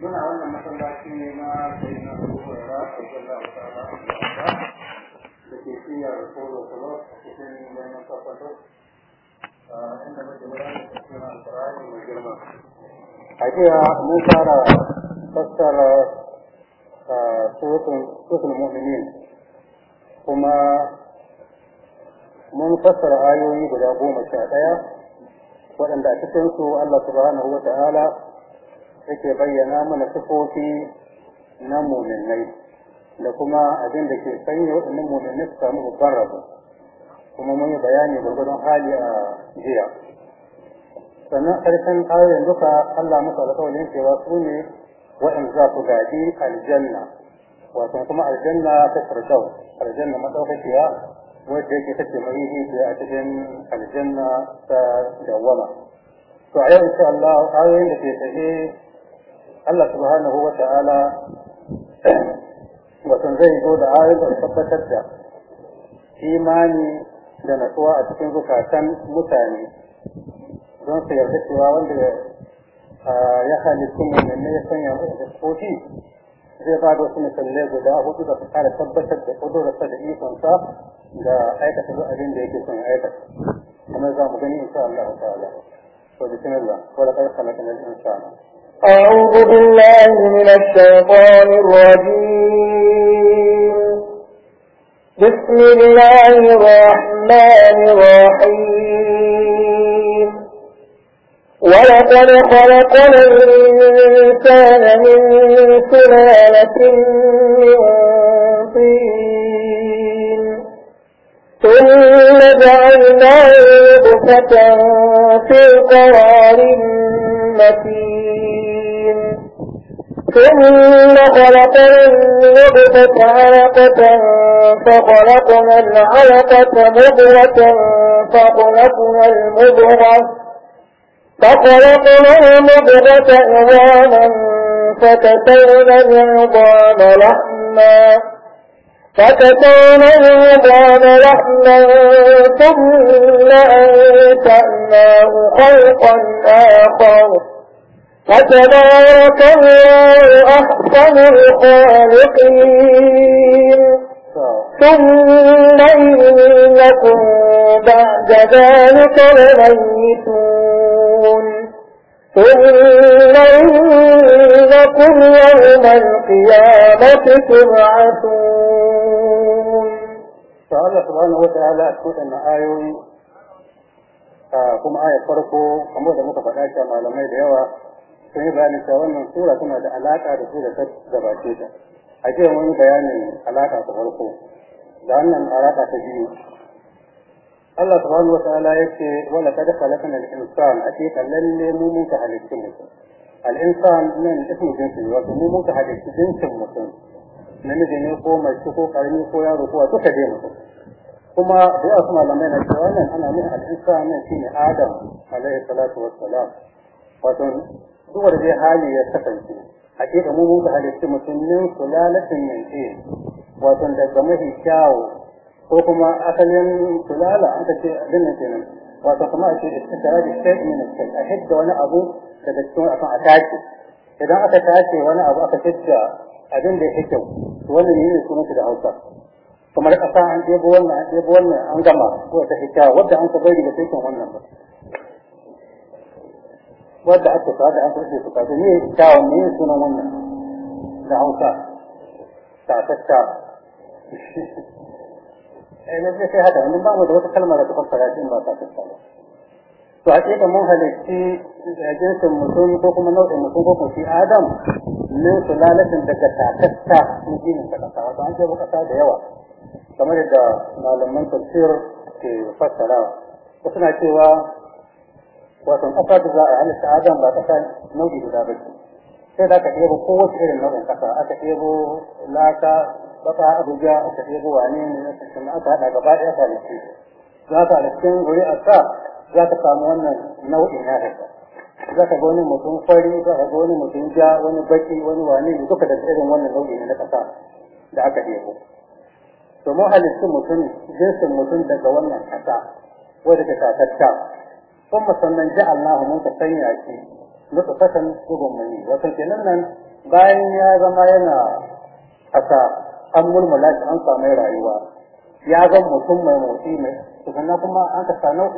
muna wannan masallaci ne na sai na da tsara da ke da a cikin yanayin inda da cikin alfarari mai girma a jiya mun fara fassara sukun mu'minin kuma mun fassara ayoyi guda goma sha ɗaya waɗanda a cikinsu Allah subhanahu wa ta'ala yake bayyana mana sifofi na muminai da kuma abin da ke sanya waɗannan muminai su samu babban rabo kuma mun yi bayani gwargwadon hali a jiya sannan ƙarshen ayoyin duka Allah muka alƙawarin cewa su ne waɗanda za su gaji aljanna wato kuma aljanna ta farkau aljanna madaukakiya wacce yake take mai da a cikin aljanna ta dawwama to a yau insha Allah ayoyin da ke tafi Allah subhanahu wa ta'ala Wasan zai zo da ayoyin da tabbatar da imani da natsuwa a cikin zukatan mutane don su yarda cewa wanda ya halittu mai ne ya sanya musu da زي بعد وسنة الليل وضاء هو كده فقال تبسط بقدرة تدعيه وانسا دا آية حيث تبقى أدين دي كيكون حيث آية. فنزا مغني إن شاء الله تعالى فبسم الله ولقد خلقنا الإنسان أعوذ بالله من الشيطان الرجيم بسم الله الرحمن الرحيم ولقد خلقنا الإنسان من سلالة من طين ثم جعلناه نطفة في قرار متين ثم خلقنا النطفة علقة فخلقنا العلقة مضغة فخلقنا المضغة فخلقنا المضغة عظاما فكسونا العظام لحما فكسونا العظام لحما ثم أنشأناه خلقا آخر فتبارك الله أحسن الخالقين ثم إنكم بعد ذلك لميتون إنكم يوم القيامة تبعثون سؤال الله سبحانه وتعالى أكتوث أن آيو آه، كم آية فرقو كم هذا مكفر آية ما لم يدعوه سنين بأن سوانا سورة كما هذا ألاك هذا سورة تبعثيته أجيه من بيان ألاك فرقو لأن الألاك تجيه الله سبحانه وتعالى يقول ولا تدخلتنا الإنسان أتيت للي مموت على السمسة الإنسان من اسم جنس الوقت مموت على جنس المسلم نمزي نيقو مجتوكو قرمي قويا ركوة تحديمه ثم دعا ثم لمن الشوانا أنا من الإنسان من سين آدم عليه الصلاة والسلام وثم دور دي حالي يستقن فيه حقيقة مموت على السمسة من سلالة من فيه وثم دقمه شاو ko kuma asalin kula da aka ce abin nan kenan wato kuma ake istisari shay min shay a hidda wani abu daga cikin akan a tace idan aka tace wani abu aka hidda abin da ya hidda wannan ne sunan da Hausa kamar ƙasa an ɗebo wannan an ɗebo wannan an gama ko ta hidda wadda an ka bai daga cikin wannan ba wadda aka sa da aka ce suka ne ta ne sunan wannan da Hausa ta ta lalle eh, sai haka mun ba mu da wata kalma da kuma farajin ba ta tsaya to a cikin mun halitti eh, jinsin mutum ko kuma nau'in mutum ko kuma shi adam min sulalatin daga takatta in ji mun kasa wato an ce kasa da yawa kamar da malaman tafsir ke fassarawa ko suna cewa wato kasa da za a halitta adam ba kasa nau'i sai da aka ɗebo kowace irin nau'in kasa aka ɗebo laka wata abuja aka fi zuwa ne ne sannan aka haɗa gaba ɗaya kwanaki za ka da guri a sa za ka samu wannan nau'in ya daga za ka ga wani mutum fari za ka ga wani mutum ja wani baki wani wane duka da irin wannan nau'in na ƙasa da aka ɗebo to mu halittun mutum jinsin mutum daga wannan ƙasa wadda ta tatatta kuma sannan ji Allah mun ka sanya shi mutu kasan gugun mani wato kenan nan bayan ya zama yana ƙasa an mulmula shi an samu rayuwa ya zan mutum mai motsi ne sannan kuma an ka sanar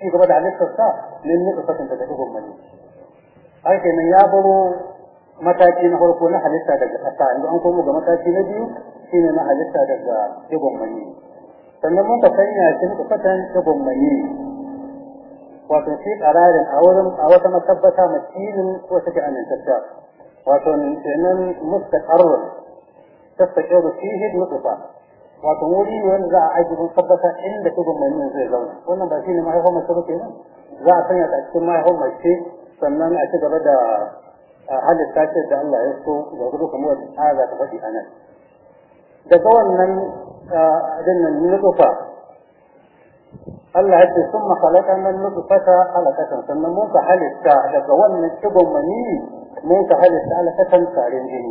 ci gaba da halittar sa ne ne ka kasance da dugun mani har kenan ya baro mataki na farko na halitta daga ƙasa yanzu an komo ga mataki na biyu shine na halitta daga dugun mani sannan mun ka sanya shi muka kwatan dugun mani wato shi ƙararin a wurin a wata matabbata makilin ko take amintacciya wato kenan mustaqarrun تستشير فيه النقطة وتقولي ونزع عجب القبطة عند كبه من ينزل زوج قلنا بأسين ما يخوم السبب كده زع سنة أكتم ما يخوم الشيء سنان أكتب بدا حال آه، التاسر دع الله يسكو وغلوك مواد هذا تفدي أنا ده قول من ذن آه، النقطة قال له ثم خلق من نطفة خلق كسن سنة موت حال التاسر ده قول من كبه من ينزل موت حال التاسر خلق كسن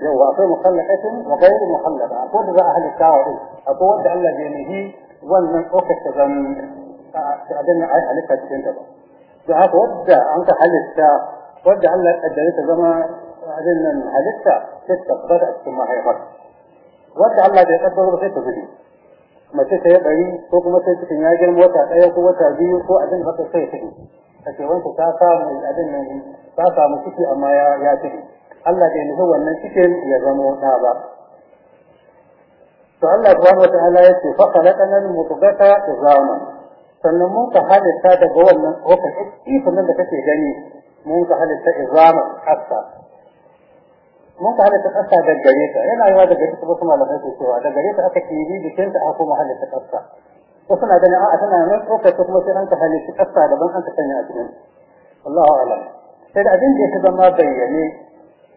لو وغير مخلقة وغير مخلقة أقول ذا أهل التعارض أقول ذا الله جينيه ومن أكت ذن أدنى آية عليك الجنة أقول ودى أنت حلتا ودى الله أدريت زما أدنى ستة تتقبل ثم هي هيغط ودى الله بيقدر بسيطة بدي ما تسيب أي فوق ما تسيب ياجر الموتى أي قوة تابيو فوق أدنى غطر سيطة أكي وانت تاسا من أدنى تاسا من كتي أما يا تجي Allah bai nufi wannan cikin ya zama ɗa ba to Allah subhanahu wa ta'ala ya ce fa khalaqana al-mutghata izama sannan mun ka halitta daga wannan kokan ikon nan da kake gani mun ka halitta izama kasta mun ka halitta kasta daga gare ta yana yawa daga ita wasu malamai ke cewa daga gare ta aka kiri jikin ta aka kuma halitta kasta wasu na ganin a'a tana nan kokar ta kuma sai an ka halitta kasta daban an ka sanya a cikin Allahu a'lam sai da abin da ya zama bayyane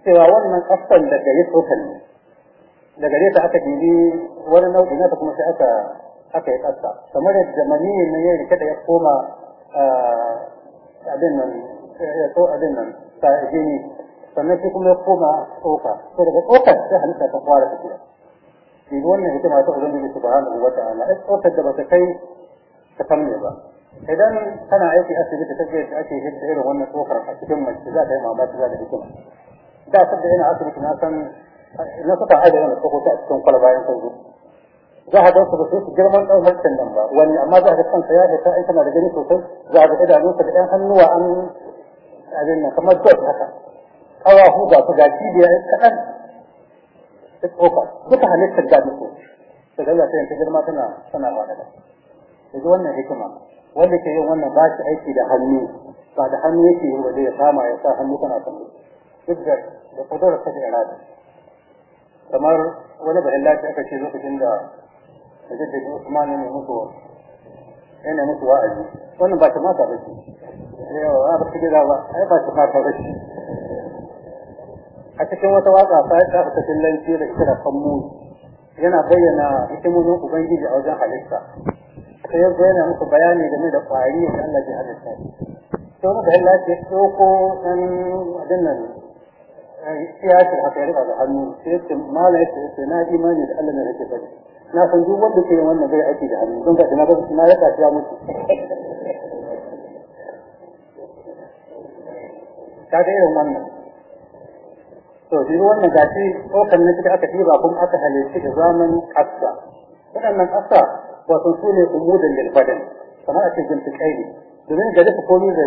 cewa wannan kasan da gare tsokan ne da gare ta aka gidi wani nau'i na ta kuma sai aka aka yi kasa kamar yadda maniyi ne ya rike da ya koma abin nan ya so abin nan ta gini sannan shi kuma ya koma tsoka sai daga tsoka sai halitta ta fara tafiya shi wannan hikima ta ubangiji subhanahu wata'ala ai tsokar da ta kai ta kamne ba idan kana aiki asibiti ta ce ake hidda irin wannan tsokar a cikin mace za ta yi mamaki za ta hikima da ta da yana asibiti na san na suka haɗa yana sokoto a cikin kwalaba yan sauri za a gansu ba sai su girman ɗan harshen nan ba wani amma za a ga kansa ya haita ai tana da gani sosai za a ga idanunsa da ɗan hannuwa an abin nan kamar dot haka ƙawahu ba su ga cibiya kaɗan ta tsoka duka halittar ga duku da gaza sai ta girma tana tana ba da yanzu wannan hikima wanda ke yin wannan ba shi aiki da hannu ba da hannu yake yin waje ya kama ya sa hannu tana kallo duk da da kudurar ta da kamar wani bayan lafi aka ce lokacin da da jaddada Usman ne mutu yana mutu wa'azi wannan ba ta mata bace yawa ah, ba ta da ba ai ba ta mata bace a cikin wata waka ta ta ta tillanci da kira kammu yana bayyana hikimomin ubangiji a wajen halitta sai ya bayyana muku bayani game da kwari da Allah ya halitta to da Allah ya ko dan wadannan ya shirka ya rika da hannu sai ce mala yace sai na imani da Allah ne yake fadi na san duk wanda ke wannan bai aiki da hannu don ka na ba na ya tafiya mutu kaga irin wannan to shi wannan gashi kokan ne suka aka tura kuma aka halitta da zamanin kasa waɗannan kasa wato su ne umudan lil badan kamar a cikin tsayi domin da dafa komai da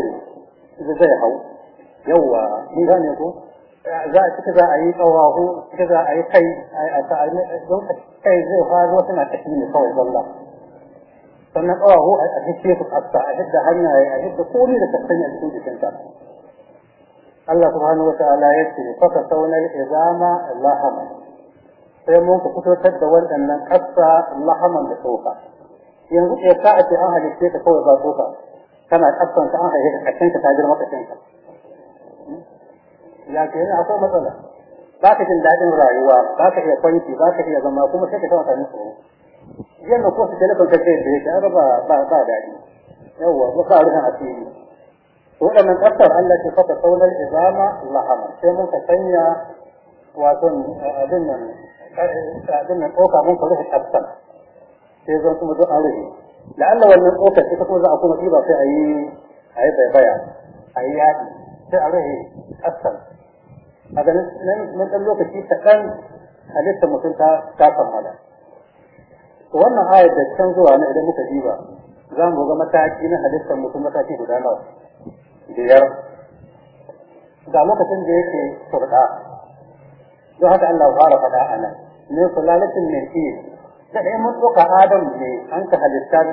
zai hau yawa mun gane ko za a cika za a yi tsawahu cika za a yi kai don a kai zai faruwa suna tafi ne kawai zalla sannan tsawahu a hisse su kasta a hidda hanya a hidda komai da kasanya cikin jikinta Allah subhanahu wa ta'ala ya ce faka saunar izama lahama sai mun ku fitotar da waɗannan kasta lahaman da tsoka yanzu ya sa a ce an halitta ka kawai ba tsoka kana kasanta an halitta kashinka ta girma kashinka lafiya ne akwai matsala ba ka jin daɗin rayuwa ba ka iya kwanci ba ka iya zama kuma sai ka ta mutane tsoro yanda ko su telefon ka ce da yake ai ba ba ba daɗi yawwa ba ka rufe asiri waɗannan ƙasar Allah ke fata saunar izama lahama sai mun ka sanya wato abin nan abin nan ɗauka mun ka rufe ƙasar sai zan kuma duk an rufe la'alla wannan ɗaukar ita kuma za a kuma ba sai a yi a yi baibaya a yi yaɗi sai a rai asal a ganin nan ɗan lokaci kaɗan halittar mutum ta kammala wannan ayar da can zuwa na idan muka diba za mu ga mataki na halittar mutum mataki guda nawa biyar ga lokacin da yake turɗa don haka Allah fara faɗa a nan ne kulalatin ne ke da ɗaya mun ɗauka adam ne an ka halittar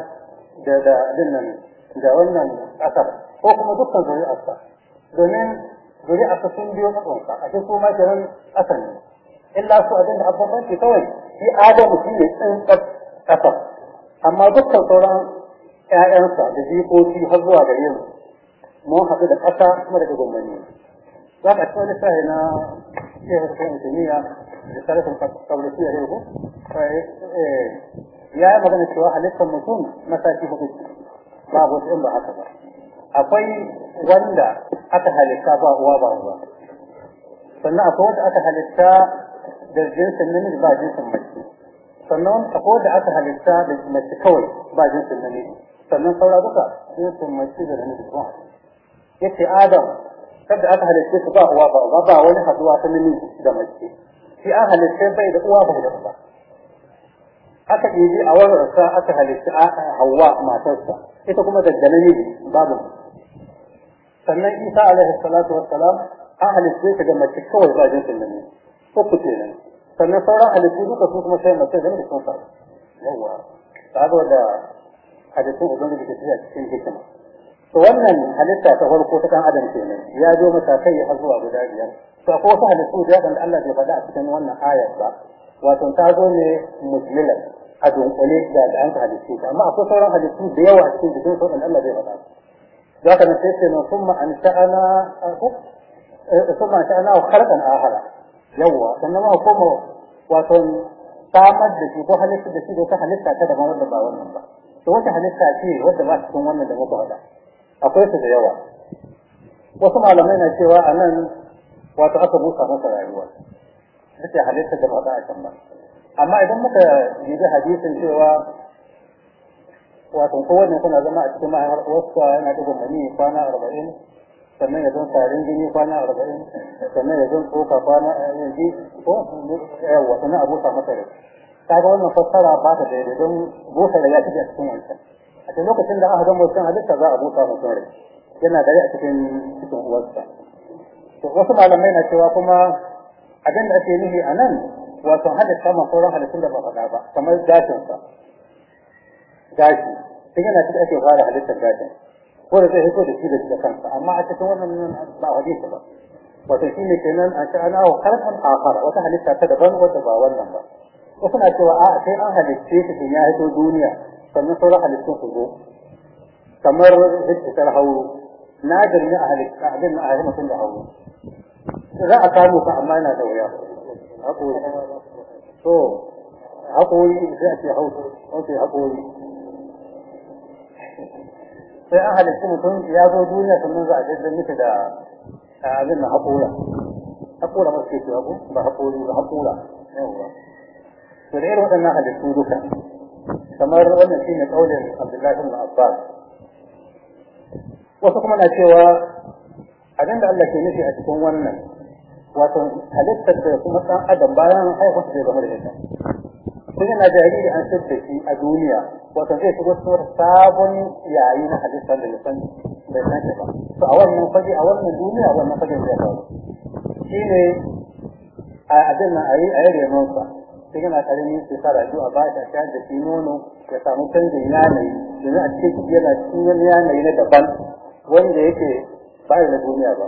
da da nan da wannan ƙasar ko kuma dukkan zuri'arsa domin guri a sun biyo kaɗansa a cikin kuma shirin ƙasan ne illa su a da abubuwan ke kawai shi adamu shi ne tsintsar ƙasar amma dukkan sauran ƴaƴansa da jikoki har zuwa gare mu mun haɗu da ƙasa kuma daga gwamnati za ka cikin lissafi na shehu da kuma injiniya da sarrafin kabulisi a yau eh, eh, ya yi magana cewa halittar mutum na sashi hudu babu wasu in ba haka ba akwai wanda أتها للساء وابا هو فلنا أقود أتها للساء بالجنس النمج با جنس المجنس فلنا أقود أتها للساء بالمجنس با جنس النمج فلنا قولا دقاء جنس المجنس بالنمج با يتي آدم قد أتها للساء با هو با هو با ولها دواء النمج دا مجنس في أهل الساء بيد هو با هو با أتى إيدي أول رساء أتها للساء هواء ما تنسى إذا كما تجنني بابا sannan isa alaihi salatu wassalam ahli sai ta ga mace kawai ba sunan ko uku kenan sannan sauran halittu duka su kuma sai mace da sun faru yawa kaga da halittun ubangiji ke tsaya cikin hikima to wannan halitta ta farko ta kan adam ce ne ya zo masa kai har zuwa guda biyar to akwai wasu halittu da yakan da Allah bai faɗa a cikin wannan ayar ba wato ta zo ne mujmilan a dunkule da an ka halittu amma akwai sauran halittu da yawa cikin jikin sauran Allah bai faɗa za ka nace ce na kuma an sha'ana kuma an sha'ana a karɓar ahara yawwa sannan ma koma wato samar da shi ko halitta da shi ko ta halitta ta daban wanda ba wannan ba to wata halitta ce wanda ba cikin wannan da muka faɗa akwai su da yawa wasu malamai na cewa a nan wato aka busa masa rayuwa ita halitta da ba za a can ba amma idan muka yi hadisin cewa wato kowanne tana zama a cikin mahaifa wasu yana ɗigon mani kwana arba'in sannan ya zan tarin jini kwana arba'in sannan ya zan tsoka kwana eh, yanzu ko yawa sannan a busa masa rai kaga wannan fassara ba ta daidai don busa rai ya shiga cikin wancan a cikin lokacin da aka gama wancan halitta za a busa mutum rai yana dare a cikin cikin uwarsa to wasu malamai na cewa kuma abin da ake nufi a nan wato halitta ma sauran halittun da ba faɗa ba kamar gashinsa gashi sai yana cikin ake fara halittar gashin ko da zai hito da shi da kansa amma a cikin wannan ba hadisi ba wato shi ne kenan a sha'ana wa karfan akhar wata halitta ta daban wata ba wannan ba wasu suna cewa a sai an halitta shi ya hito duniya sannan sauran halittun su zo kamar hikitar hauro nadir ne a halitta abin na ahli mutum da hauro za a samu ka amma yana da wuya haƙori to haƙori sai a ce haƙori sai an halittu mutum ya zo duniya sannan za a jaddar nufi da abin na haƙura haƙura masu ke ko ba haƙuri ba haƙura yawwa to da irin waɗannan halittu duka kamar wannan shine kaulin Abdullahi ibn Abbas wasu kuma na cewa abinda Allah ke nufi a cikin wannan wato halittar da kuma ɗan adam bayan haihuwa zai zama da ita sai na jariri an fitta shi a duniya wato zai shigo cikin sabon yayi na hadisan da ya san bai san ba to a wannan fage a wannan duniya wannan fage zai kawo shine a abin nan ayi ayi renon sa sai yana karami sai fara zuwa ba ta sha da shi nono ya samu canjin yanayi domin a cikin yana cikin yanayi na daban wanda yake ba na duniya ba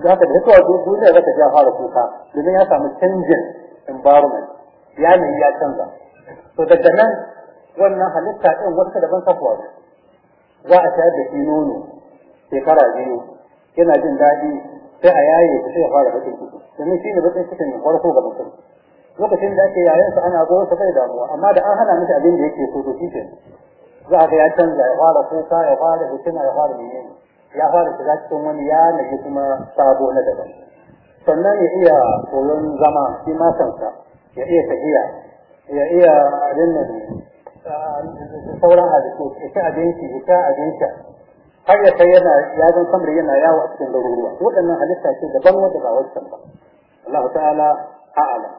za ka da hitowa duniya za ka ja fara kuka domin ya samu canjin environment yanayi ya canza to daga nan wannan halitta ɗin wata daban kafuwa za a shayar da shi nono shekara biyu yana jin daɗi sai a yaye shi sai ya fara bakin ciki domin shi ne bakin ne farko ga mutum lokacin da ake yayin sa ana gowa sai damuwa amma da an hana mishi abin da yake so to shi ke za ga ya canza ya fara kuka ya fara hikima ya fara menene ya fara shiga cikin wani yanayi kuma sabo na daban sannan ya iya koyon zama shi ma kansa ya iya tafiya iya abin nan sauran halittu ita abinci ita abinci har ya kai yana ya zan samar yana yawo a cikin garuruwa waɗannan halitta ce daban wanda ba wancan ba Allah ta'ala a'ala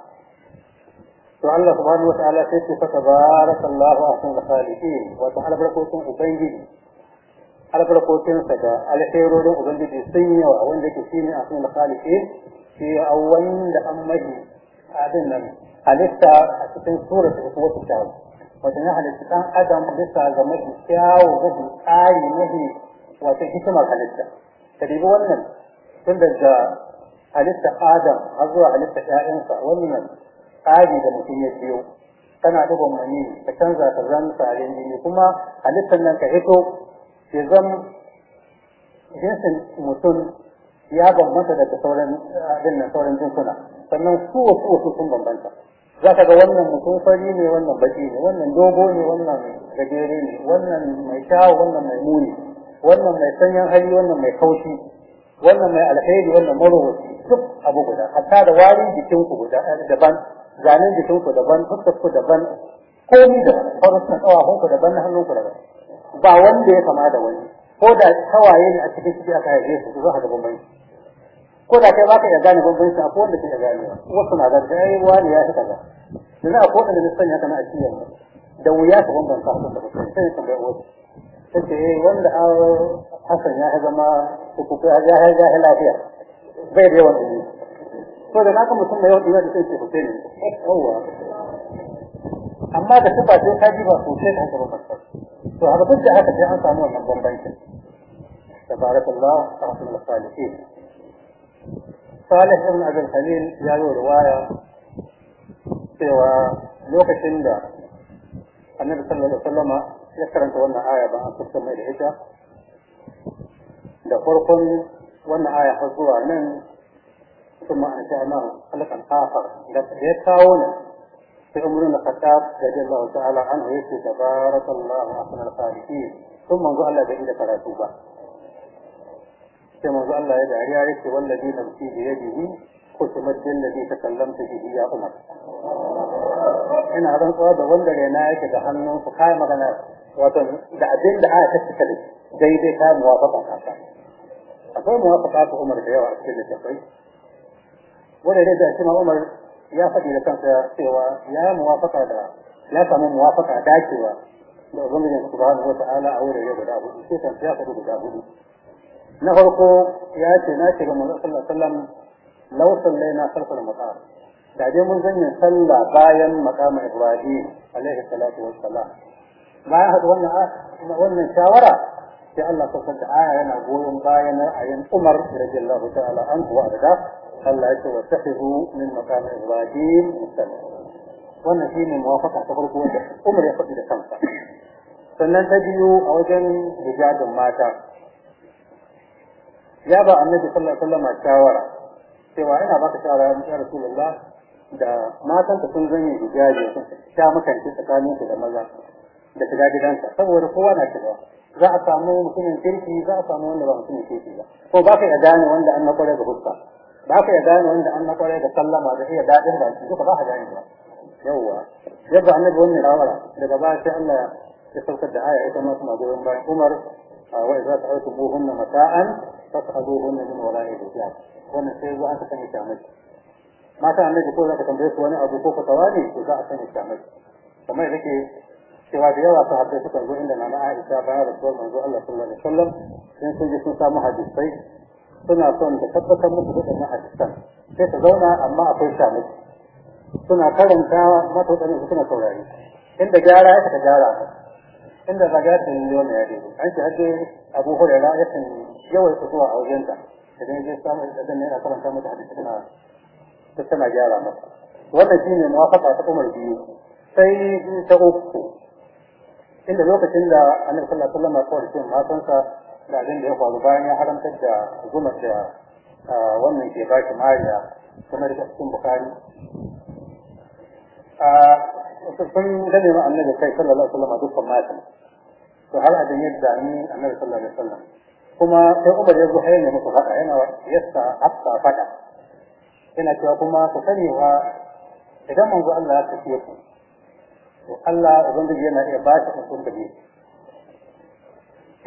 to Allah subhanahu wa ta'ala sai ce fata barakallahu ahsanul khaliqin wa ta'ala barkatun ubangiji albarkokinsa da alherorin ubangiji sun yawa wanda ke shine ahsanul khaliqin shi a wanda an mahi abin nan halitta a cikin surar da kuma su kyawu wato na halitta ɗan adam bisa ga mafi kyawu mafi tsari mafi wato hikimar halitta ka dubi wannan tun daga halitta adam har zuwa halitta ƴaƴansa wannan tsari da mutum ya biyo kana dubon mani ka canza ka zama tsarin jini kuma halittar nan ka hito ya zama jinsin mutum ya bambanta daga sauran abin nan sauran jinsuna sannan su wasu wasu sun bambanta za ka ga wannan mutum fari ne wannan baki ne wannan dogo ne wannan gajere ne wannan mai kyawu wannan mai muni wannan mai sanyin hali wannan mai kaushi wannan mai alheri wannan marowaci duk abu guda hatta da wari jikinku guda eh, daban zanen jikinku daban fuskarku daban komi da farustan ƙawafonku daban na hannunku daban ba wanda ya kama da wani ko da kawaye ne a cikin ciki aka haife su za ka ga bambanci ko da kai ba ka iya gane bambanci akwai wanda kai gane wasu na da kai wani ya ba, da za a akwai wanda ne sanya na a cikin da wuya ka bambanta su da kai sai ka bayar wasu take eh, wanda Hassan ya zama hukuku ya ya lafiya bai da yawan ne ko da naka mutum mai wani da sai hukuku ne yawa amma da sifa sai ka ji ba sosai da haka ba to haka duk da haka sai an samu wannan bambancin tabarakallah rahmatul salihin salih ibn abin ya yi ruwaya cewa lokacin da annabi sallallahu alaihi ya karanta wannan aya ba an mai da ita da farkon wannan aya har zuwa nan ثم أنشأنا خلقا آخر لقد يتاون في عمر الخطاب رضي الله تعالى عنه يسجد تبارك الله أحسن الخالقين ثم انظر الله بإن ثلاثوبة sai manzo Allah ya dariya yake wallahi nafsi bi yadihi da alladhi takallamtu bihi ya umar ina ran tsawa da wanda rena yake da hannun su kai magana wato da abin da aka tattaka da daidai ka muwafaqa ka akwai muwafaqa ta umar da yawa a cikin littafai wanda da shi ma umar ya faɗi da kansa cewa ya muwafaqa da ya samu muwafaqa dacewa da ubangiji subhanahu wa ta'ala a wurin guda hudu sai kan ya faɗi guda hudu na farko ya ce na shiga manzo sallallahu alaihi wasallam law sallaina khalfal da dai mun zanyin sallah bayan maqam ibrahim alaihi salatu wa wassalam bayan hadu wannan wannan shawara sai Allah subhanahu ta'ala yana goyon bayan ayin Umar radiyallahu ta'ala anhu wa arda Allah ya ce wa tafihu min maqam ibrahim musalla wannan shi ne mawafaka ta farko wanda umar ya faɗi da kansa sannan ta biyu a wajen hijabin mata ya ba annabi sallallahu alaihi wasallam shawara cewa ina baka shawara ya rasulullah da matan ka sun zame hijabi ta makanci tsakanin da maza da shiga gidanka saboda kowa na shiga za a samu mutumin kirki za a samu wanda ba mutumin kirki ba ko ba ka iya gane wanda an nakware ga fuska ba ka iya gane wanda an nakware ga sallama da iya daɗin baki duka ba ka gane ba yawwa yadda annabi wannan shawara daga baya sai Allah ya saukar da aya ita ma kuma goyon bayan Umar وإذا تعيتموهن متاعا فاسألوهن من وراء الحجاب wannan sai za sanya shamaki mata annabi ko za ka tambaye su wani abu ko fatawa ne to za a sanya shamaki kamar da ke cewa da yawa su hadda suka zo inda nana Aisha bayan rasuwar manzo Allah sallallahu alaihi wasallam sun sun sun samu hadisai suna son ta tabbatar musu da wannan hadisan sai ta zauna amma akwai shamaki suna karantawa mata suna saurari inda gyara ya ta gyara inda zagayar da yi wani yare an ce hajji abu hurera ya kan yawai fitowa a wajenta idan ya samu da zan yana karanta mata hadisi tana ta tana gyara masa wannan shine muwafaqa ta Umar biyu sai ta uku inda lokacin da Annabi sallallahu alaihi wasallam ya kawo cikin matansa da abin da ya faru bayan ya haramta da zuma da wannan ke shi mariya kuma da cikin bukari a sun gane ma annabi kai sallallahu alaihi wasallam dukkan matan وهل أدني من النبي صلى الله عليه وسلم كما في أمر يزو حين يمسو فتح هنا يسا أبطى فتح هنا كما كما تسني هو إذا من ذو الله تسيطه الله أظن بجينا إباسة مصور بجي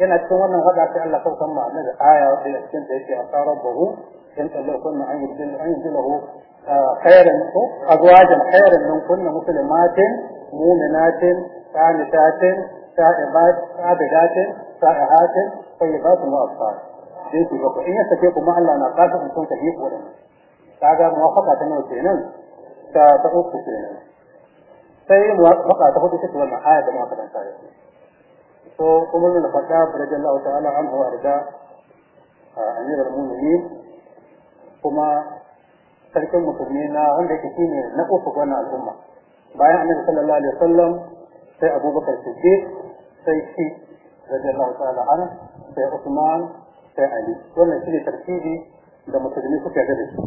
هنا كما أن غدا في الله صلى الله عليه وسلم آية في السنة في أصار ربه إن الله كنا عن يبدله آه، خيرا أزواجا خيرا من كنا مسلمات مؤمنات قانتات sa'ibat sabidatin sa'ihatin tayyibatin wa asfar sai ku ga in ya sake kuma Allah na fata in son tafi ko dan kaga muwafaqa ta nawa kenan ta ta uku kenan sai muwafaqa ta hudu take wannan aya da muka dan sai to kuma ne fata radiyallahu ta'ala anhu arda amirul mu'minin kuma sarkin musulmi na wanda yake shine na uku wannan al'umma bayan annabi sallallahu alaihi wasallam sai abubakar siddiq sai shi radiyallahu ta'ala anhu sai Usman sai Ali wannan ne tarkibi da musulmi suka ga da shi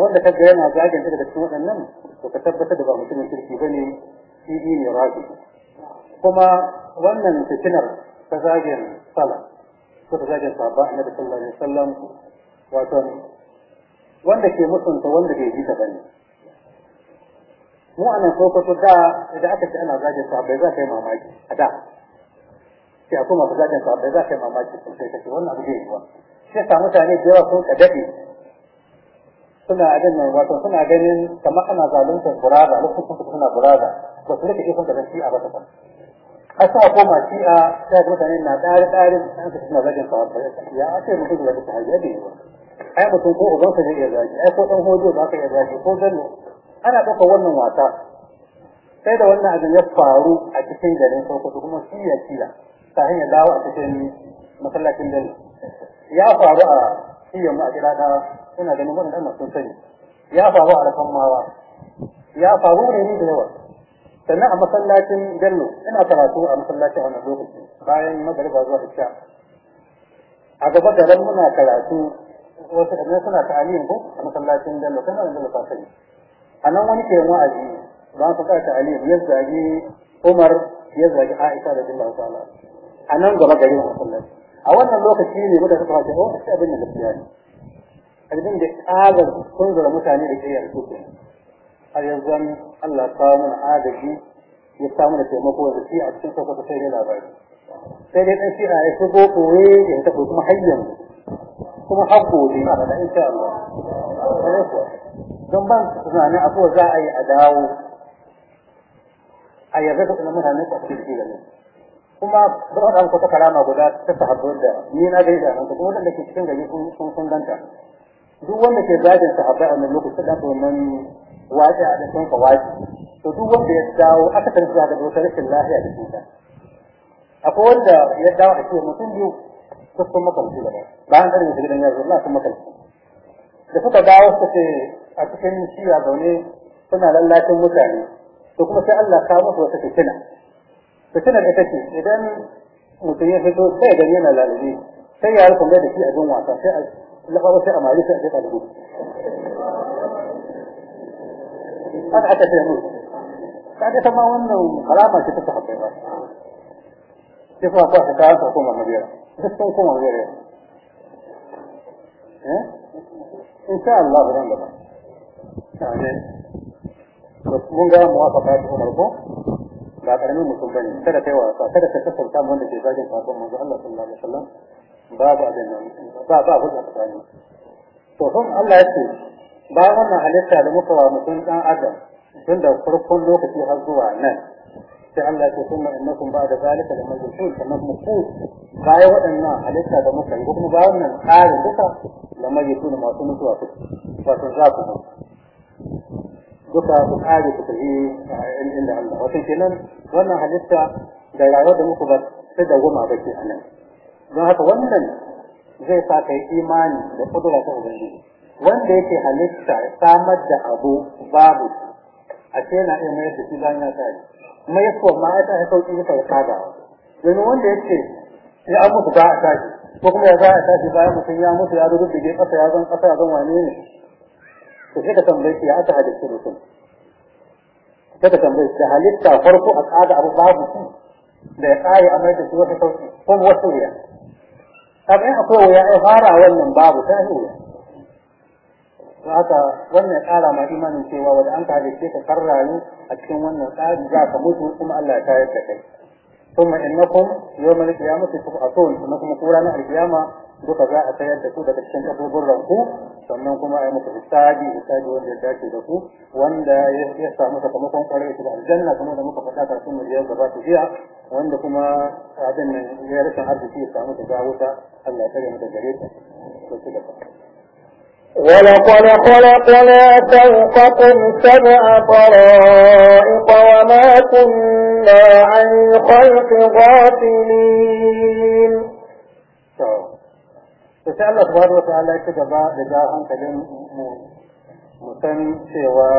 wanda kaga yana zagin daga cikin waɗannan to ka tabbata da ba mutumin kirki bane shi ne rabi kuma wannan fitinar ta zagin sala ko ta zagin sahaba annabi sallallahu alaihi wasallam wato wanda ke musunta wanda bai ji ta bane mu a nan sokoto da da aka ce ana zagin sahabbai za ka yi mamaki a da sai a kuma zagin sahabbai za ka yi mamaki sai kace wannan abu zai yi wa sai sa mutane da yawa sun kadade suna adin nan wato suna ganin kamar ana zaluntar burada lokacin su suna burada ba su rike ikon gaban shi'a ba ta kan a sa koma shi'a ya ga mutane na ɗari ɗari sun ka suna zagin sahabbai ya ce mutum da ta hajjabi ai mutum ko ubansa zai iya zagi ai ko ɗan hojo za ka iya zagi ko zanne ana ɗaukar wannan wasa sai da wannan abin ya faru a cikin garin sokoto kuma shi ya kila kafin hanyar dawo a cikin masallacin dalil ya faru a shiyan mu a gida da suna ganin ɗan masu sani ya faru a rafan mawa ya faru ne da yawa sannan a masallacin Bello ina karatu a masallacin wannan lokaci bayan magariba zuwa isha a gaba gaban muna karatu wasu da suna ta'alim ko a masallacin Bello kan wani Bello fasari a nan wani ke wa'azi ba ka sa ta aliyu ya zagi umar ya zagi aisha da jimla ta'ala a nan gaba gari wa sallar a wannan lokaci ne muka suka haɗe wata sai abin da gaskiya ne abin da tsagar kunzura mutane da ke yanzu ke har yanzu Allah ya kawo mana agaji ya samu da taimako da shi a cikin sauƙaƙa sai dai labari sai dai ɗan shi'a ya shigo koye ya tafi kuma har kuma har gobe a da insha Allah don ba su tunanin abuwa za a yi a dawo a yarda da kuma mutanen su a cikin shi gani kuma don wata kwata kalama guda ta sahabbar da ni na gani da ranka kuma wanda ke cikin gari sun sun ganta duk wanda ke zagin sahabbai a nan lokacin da nan wace a da sun ka wace. to duk wanda ya dawo aka kan zuwa da wata rashin lafiya da cuta akwai wanda ya dawo a cikin mutum biyu sun makamci gaba bayan ɗarin da gidan yanzu Allah sun makamci da suka dawo suka ce a cikin shiya zaune suna lallacin mutane to kuma sai Allah ka musu wata fitina fitinar da take idan mutum ya fito sai gani yana lalabi sai ya rufe da shi abin wasa sai a laɓaɓa sai a mari sai a jefa da gudu haka aka ce mu kaga ta ma wannan alama ce ta sahabbai ba sai kuma ba ta kawo ko kuma mabiyar duk sun kuma mabiyar eh in sha Allah ba dan gaba mun ga muwafaka ta Umar ko ba karamin mutum bane kada kai wasa kada ka kasanta wanda ke zagin sabon manzo Allah sallallahu alaihi wasallam babu abin nan ba ba hujja tsakani to kun Allah ya ce ba wannan halitta da muka wa mutum dan adam tun da farkon lokaci har zuwa nan sai Allah ya ce kuma innakum ba'da zalika da majlisun kamar muku bayan waɗannan halitta da muka yi kuma ba wannan tsarin duka da majlisun masu mutuwa kuke wato za ku duka ku kare ku tafi inda Allah wato kenan wannan halitta da rayuwar da muku ba da goma ba ke anan don haka wannan zai sa kai imani da kudura ta ubangiji wanda yake halitta samar da abu babu a ce na iya mayar da shi bayan ya tsari kuma ya kuwa ma'aikata ya sauƙi bisa ga tsadawa domin wanda yake ya an mutu ba a tashi ko kuma ya za a tashi bayan mutum ya mutu ya rubuta ge ƙasa ya zan ƙasa ya zan wane ne to sai ka tambaye shi ya aka halitta mutum sai ka su shi halitta farko a tsada abu babu shi da ya tsaye a mai da shi wata sauki ko wata wuya kaga in akwai wuya ya fara wannan babu ta wuya to haka wannan ya kara ma imanin cewa wanda an ka halitta ka karrayu a cikin wannan tsari za ka mutu kuma Allah ya tayar da kai ثم إنكم يوم القيامة تبعثون إنكم قرانا القيامة duka za a tayar da ku daga cikin kafofin ranku sannan kuma a yi muku hisabi hisabi wanda ya dace da ku wanda ya samu sakamakon kwarai da shiga aljanna kuma da muka faɗa kafin mu biyar gaba ta jiya wanda kuma abin nan ya rashin arziki ya samu ta jawo ta Allah ya kare mu gare ta ko ci gaba ولقد خلقنا فوقكم سبع طرائق وما كنا عن الخلق غافلين sai Allah subhanahu wa ta'ala ya gaba da ja hankalin mu mu san cewa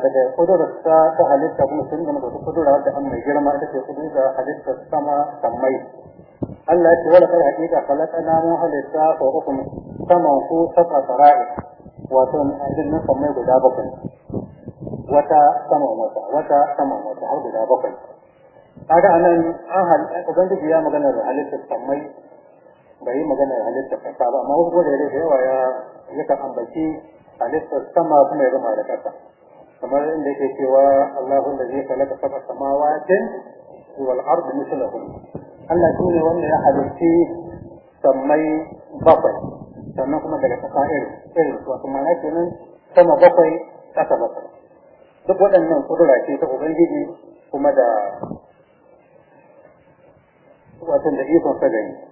daga kudurarsa ta halitta kuma sun gama da kudura da an mai girma ita ce kudura halittar sama sammai Allah ya ce wala kar hakika khalaqana min halitta ko hukum ku sara'i wato ajin sammai guda bakwai wata wata wata wata har guda bakwai kaga anan an ubangiji ya magana da halittar sammai bai yi magana da halittar kasa ba amma wasu gwada da yawa ya yakan ambaci halittar sama kuma ya gama da kasa kamar inda yake cewa zai allazi sama sab'a samawatin zuwa ard mislahum Allah ne wanda ya halitti sammai bakwai sannan kuma daga kasa irin irin wato ma'ana kenan sama bakwai kasa bakwai duk waɗannan kudura ce ta ubangiji kuma da wato da ikon sa gani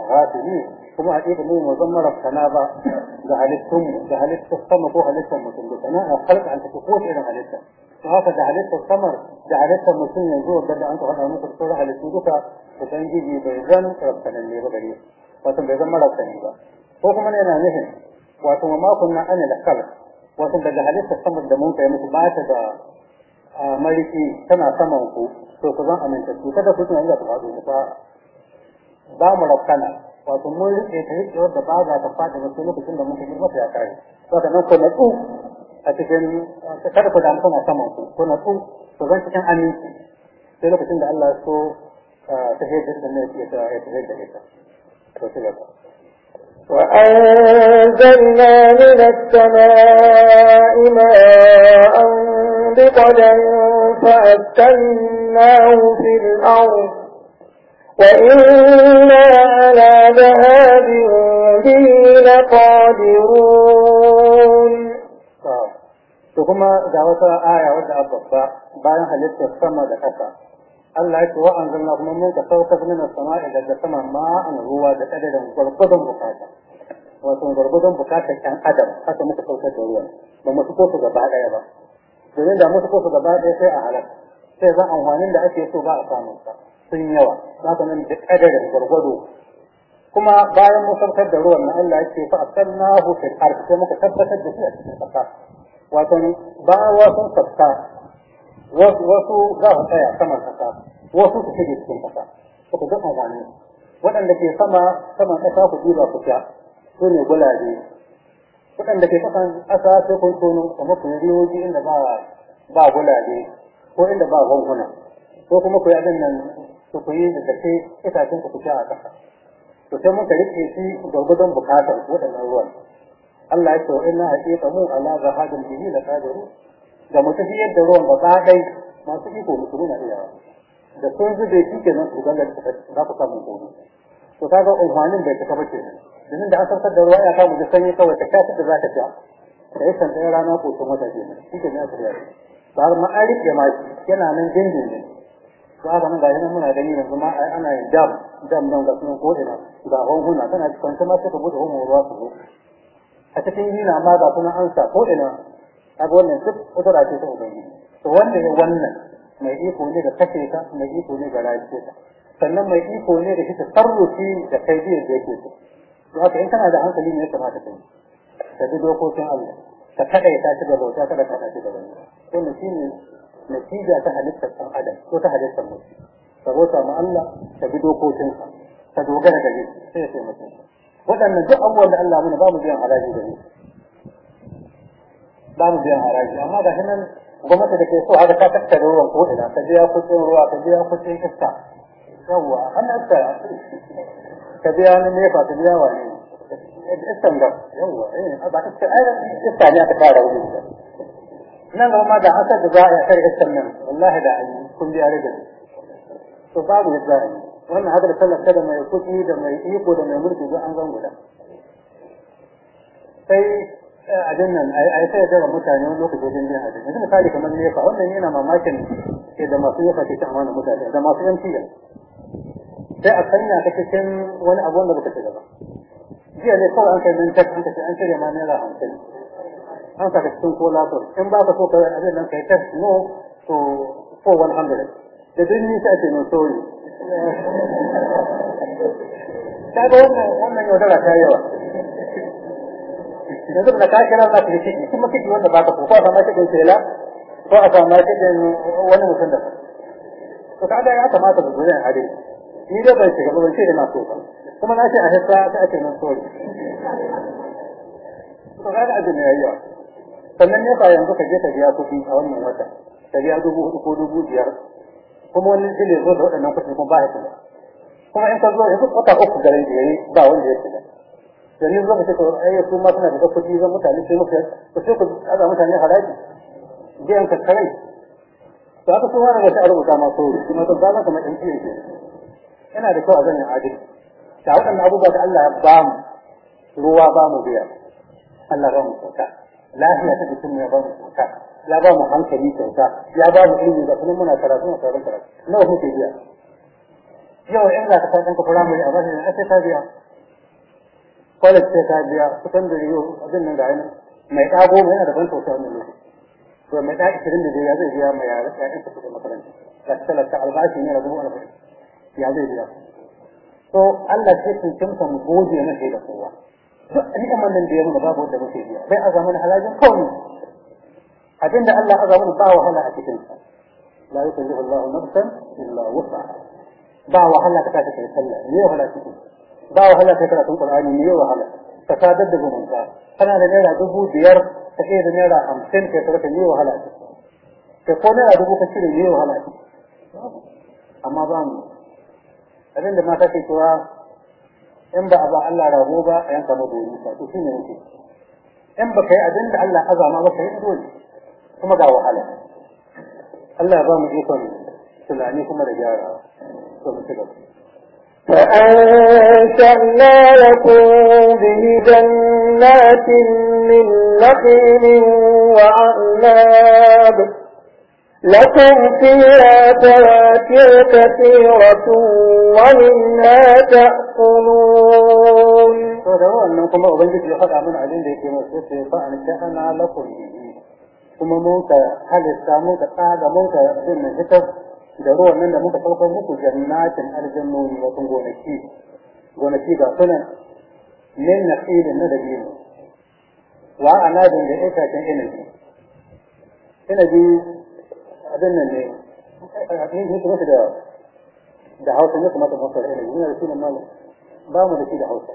غادي كما هذيك مو مزمره كنابه جهلتكم جهلتكم صمتوا عليكم وتنبتنا خلق عن تكفوت الى غلتها فهذا جهلتكم الثمر جهلتكم مسلم ينزور بدا ان تغنى ان تصور على سيدك وتنجي في بيزن ربنا اللي بغري فاتم بيزن مرض كنيبا وكما نينا نهن وكما ما كنا انا لخلق وكما جهلتكم الثمر دمون كانت باعتها مالكي كما سمعوا تو كذا امن تسوي كذا كنت عندك بعض المطاعم ba mu rakkana wato mun rike ta rike wadda ba za ta fada ba sai lokacin da muka girma ta ya kare saboda nan ko na tsu a cikin kada ku damu kuna saman ku ko na tsu ku zan cikin aminci sai lokacin da Allah so ta hejjar da ne ya ta hejjar da ita to sai lokacin وأنزلنا من السماء ماء بقدر فأسكناه في الأرض وإنا على ذهاب به لقادرون to kuma ga wata aya wata abba bayan halittar sama da ƙasa Allah ya ce wa anzalna kuma mun ka saukar min sama idan da sama ma'an ruwa da da gurgudan bukata wato gurgudan bukata kan adam haka muka saukar da ruwa ba mu so su gaba daya ba domin da mu so su gaba daya sai a halaka sai za amfanin da ake so ba a samun sun yawa haka nan da kadarin gwargwado kuma bayan mu da ruwan na Allah yake fa hu fil ardi sai muka tabbatar da shi a cikin kasa wato ba sun tsaka wasu wasu za su tsaya saman kasa wasu su shige cikin kasa ku ga amfani waɗanda ke sama saman kasa ku diba ku sha su ne gulaje waɗanda ke kasan ƙasa sai kun tono kamar ku riwoji inda ba ba gulaje ko inda ba gwanguna ko kuma ku yi nan su kuyi yi da dace itacen ku fita a ƙasa to sai muka rike shi gwargwadon bukatar wadannan ruwan Allah ya ce wa inna haqiqa mu ala zahadin bihi la qadiru da mutafiyar da ruwan za dai masu iko musulmi na iya da sun zube shi kenan ku da za ku samu tsoro to kaga umhanin bai tafi bace domin da an saukar da ruwa ya kamu da sanyi kawai ta kashi da za ka ta da ya san da rana ko sun wata kenan shi kenan ya tafiya ba ma ya rike ma yana nan ne ba haka nan ga yanan muna gani yanzu ma ana yin dam dam nan ga sunan ko ina ga honguna tana cikin kuma sai ka bude homo ruwa su a cikin hina ma ga kuma an sa ko ina a ga wannan duk wata race ta ubangiji to wanda ya wannan mai iko ne da kashe ka mai iko ne da race ka sannan mai iko ne da shi tasarrufi da kai da yake ka to haka in kana da hankali ne ya kamata ka yi ka bi dokokin Allah ka kaɗaita ta da bauta kada ka ta shi da wani wannan ne نتيجة تهدف سن أدم وتهدف سن موسى فبوسى ما الله تبدو قوتين سن تدوغان جديد سيئة المسلم وإن نجو أول لألّا من بعض بيان على جيد جديد بعض بيان على جيد أما هذا هنا وما تدكيسو هذا كانت تكتدو ونقوئنا تجيها قوتين رواء تجيها قوتين كفتا يوى أنا أكتر تجيها من يفا تجيها وعين استنجر يوى إيه. أبعد أكتر أيضا استعني أتكارا وجيدا nan ma da haka da za a yakar gaskan nan wallahi da ai kun bi are to babu da zai wannan hadar sallar kada mai kuɗi da mai iko da mai mulki ga an zan guda sai eh, a dinnan a yi sai da mutane wani lokaci wajen jin hadin yanzu misali kamar ne fa wannan yana mamakin ke da masu yafa ke ta wannan mutane da masu yanciya sai a sanya ta cikin wani abu wanda baka shiga ba jiya ne kawai an kai mintar an ce an shirya ma naira hamsin an saka cikin kolator in ba ka so ka abin nan yi test no to for 100 da duk ni sai ce no sorry kaga wannan wannan yaudara ta yawa yanzu da ka kira za ka yi ciki kuma ciki wanda ba ka so ko a sama cikin tela ko a sama cikin wani mutum da to kaga ya kamata mu zuwa hade ni da ban shiga ban ce ina so ba kuma na ce a hissa ta ake nan sorry to ga da yayi yawa sannan ne ba yanzu ka je ka biya kuɗi a wannan wata ka biya dubu hudu ko dubu biyar kuma wani zai zo da waɗannan kuɗi kuma ba ya kula kuma in ka zo yanzu wata uku gare da yayi ba wanda ya kula da ni ka ce ko ai su ma suna da kuɗi zan mutane sai muka ko sai ku aza mutane haraji biyan ka kai to haka kuma daga ta rubuta ma so kuma to ga kamar in ce yana da kyau a zanin adil ta waɗannan abubuwa da Allah ya ba mu ruwa ba mu biya Allah ya mu kyauta lafiya ta jikin mu ya ba mu kyauta ya ba mu hankali kyauta ya ba mu ilimi ga kuma muna karatu mu karatu karatu nawa kuke biya yau in za ka kai ɗanka firamare a bashi na sai ka biya college sai ka biya kusan da yau abin nan da ainihin mai ɗa goma yana da ban kyauta wannan lokaci to mai ɗa ishirin da ya zai biya mai yare ya ɗanka kuɗin makaranta ga talaka albashi ne na dubu arba'in ya zai biya to Allah sai sun kimsa mu goje na shi da kowa duk ni'imar nan da ya nuna babu wanda muke biya bai aza mana halajin kawai abinda Allah aza mana ba wahala a cikin sa la yukallifu Allah nafsan illa wus'aha ba wahala ka tashi kai sallah ne wahala cikin ba wahala kai karatun Qur'ani ne wahala ka sadar da zumunta kana da naira dubu biyar ka ce da naira hamsin kai sarka ne wahala cikin ka ko naira dubu ka cire ne wahala cikin amma ba mu abinda mata ke cewa in ba a ba Allah rago ba a yanka magoyi ka to shine yake in ba kai abin da Allah azama ba kai dole kuma ga wahala Allah ba mu ikon tunani kuma da gyara to mu cigaba فأنشأنا لكم به جنات من نخيل وأعناب لكم فيها فواكه كثيرة ومنها تأكلون saboda wannan kuma ubangiji ya faɗa mana abin da yake mai sai fa an ta ana lakum kuma mun ka halitta mun ka tsaga mun ka din na hitar da ruwan nan da muka saukar muku jannatin aljannoni wato gonaki gonaki ga sunan min nakhilin na da biyu wa anadin da itacen inabi inabi abin nan ne abin da kuma da da hausa ne kuma ta fasara ne ina da sunan malam ba mu da shi da hausa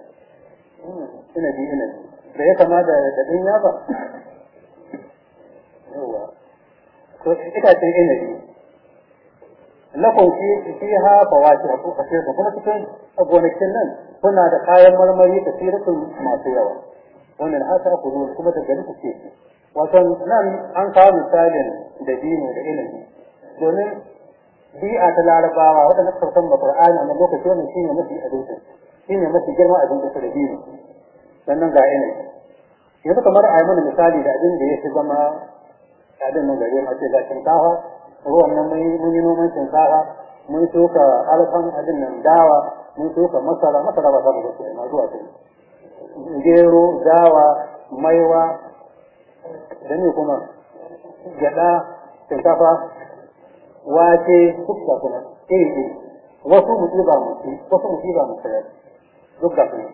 inabi inabi da ya kama da dadin yaba yawa to itacen inabi lakon fi fiha fawaki a kuka sai kuma cikin gonakin nan kuna da kayan marmari da sirrin masu yawa wannan haka ku kuma da gari ku ce wato nan an kawo misalin da dini da ilimi domin bi'a ta larabawa waɗanda suka san ba Qur'ani a lokacin wannan shine mafi abincin shine mafi girma abin da da biyu sannan ga yanayi yanzu kamar a yi mana misali da abin da ya fi zama abin nan gari mace ga shinkafa ruwan nan mun yi noman shinkafa mun soka alfan abin nan dawa mun soka masara masara ba ta da su zuwa tun gero dawa maiwa da ne kuma gyada shinkafa wace duk da kuma iri wasu musiba mutu wasu musiba mutu duk da kuma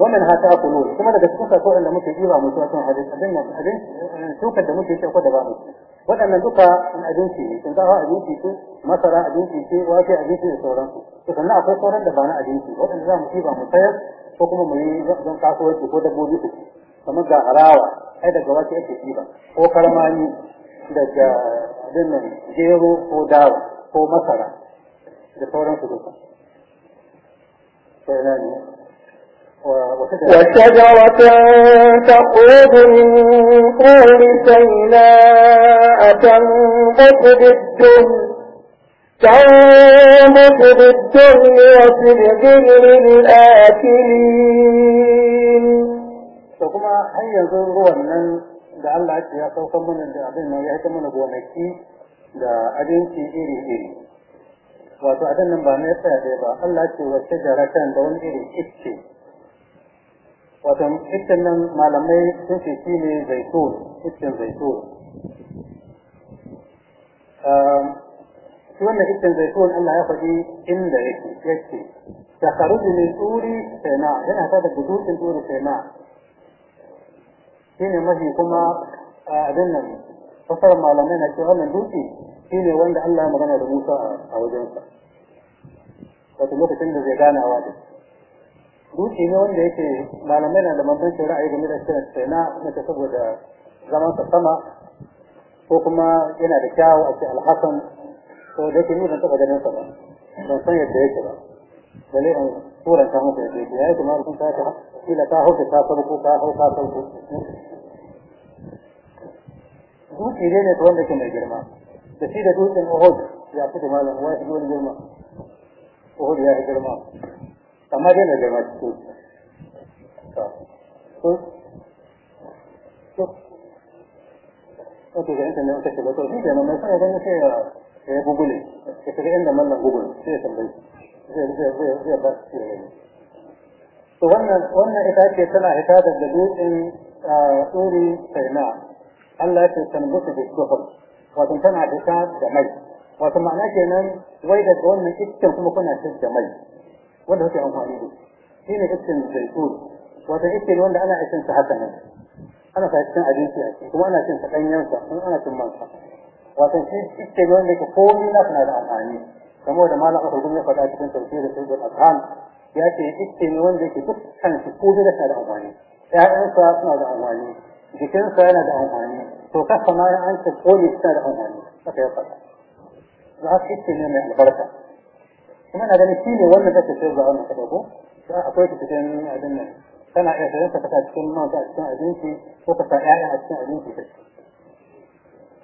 wannan ha ta kulu kuma daga cikin kasuwan da muke jira mu cikin hadisi abin nan abin eh, shuka da muke ce ko da ba mu waɗannan duka in abinci ne sun zawa abinci ce masara abinci ce wace abinci da sauransu to sannan akwai sauran da ba na abinci waɗanda za mu ci mu sayar ko kuma mu yi don kasuwanci ko dabbobi ku kamar ga harawa ai daga wace ake ci ko karmani daga abin nan gero ko dawa ko masara da sauran sauransu duka وشجرة تخرج من طول سيناء تنبت بالدهن تنبت بالدهن وصدق للآكلين da kuma har yanzu ruwan nan da Allah ya saukan mana da abin nan ya mana gonaki da abinci iri-iri wato a nan ba na tsaya dai ba Allah ce wa shajaratan da wani irin icce wato iccen nan malamai sun ce shi ne zaitun iccen zaitun shi wannan iccen zaitun Allah ya faɗi inda yake yake ta kharuji min turi sayna yana ta da gudutsin turi sayna shine mafi kuma abin nan kasar malamai na ce wannan dutse shi ne wanda Allah ya magana da Musa a wajensa wato lokacin da zai gana wa da dutse ne wanda yake malamai na da mabanci ra'ayi game da kiran tsena na saboda zaman sa sama ko kuma yana da kyawu a ce alhassan ko da yake ni taɓa ganin sa ba ban san yadda yake yi kuma ta ta dutse ne ne wanda ke mai girma da shi da dutsen Uhud ya fi da malam wani girma Uhud ya fi girma amma dai na girma cikin wato ga inda nan take wato shi kenan mai sai ganin sai ya gugule ya tafi inda mallan gugule sai ya tambayi sai sai sai ya ba shi to wannan wannan ita ce tana hita da dutsen tsuri ah, sai na Allah ya tanbutu da shuhur wato tana fita da mai wato ma'ana kenan wai da wannan iccen kuma kuna fitar da mai wanda kuke amfani da shi ne iccen zaitun wato iccen wanda ana cin sa haka nan ana sa cikin abinci a cikin kuma ana cin sa danyen sa kuma ana cin man sa wato shi iccen wanda ke komai na suna da amfani kamar da malam aka gumi faɗa cikin da sayyidul azhan ya ce iccen wanda yake dukkan shi ko da da amfani ya'yansa suna da amfani jikinsa yana da amfani to ka kama ya an ce koli suna da amfani haka ya faɗa za a fice ne mai albarka kuma na ganin shi ne wannan take sai zuwa wannan kaɗa ko za a akwai ta cikin abin nan kana iya sayar ta kasa cikin man ta cikin abinci ko ta sa ƴaƴa a cikin abinci ta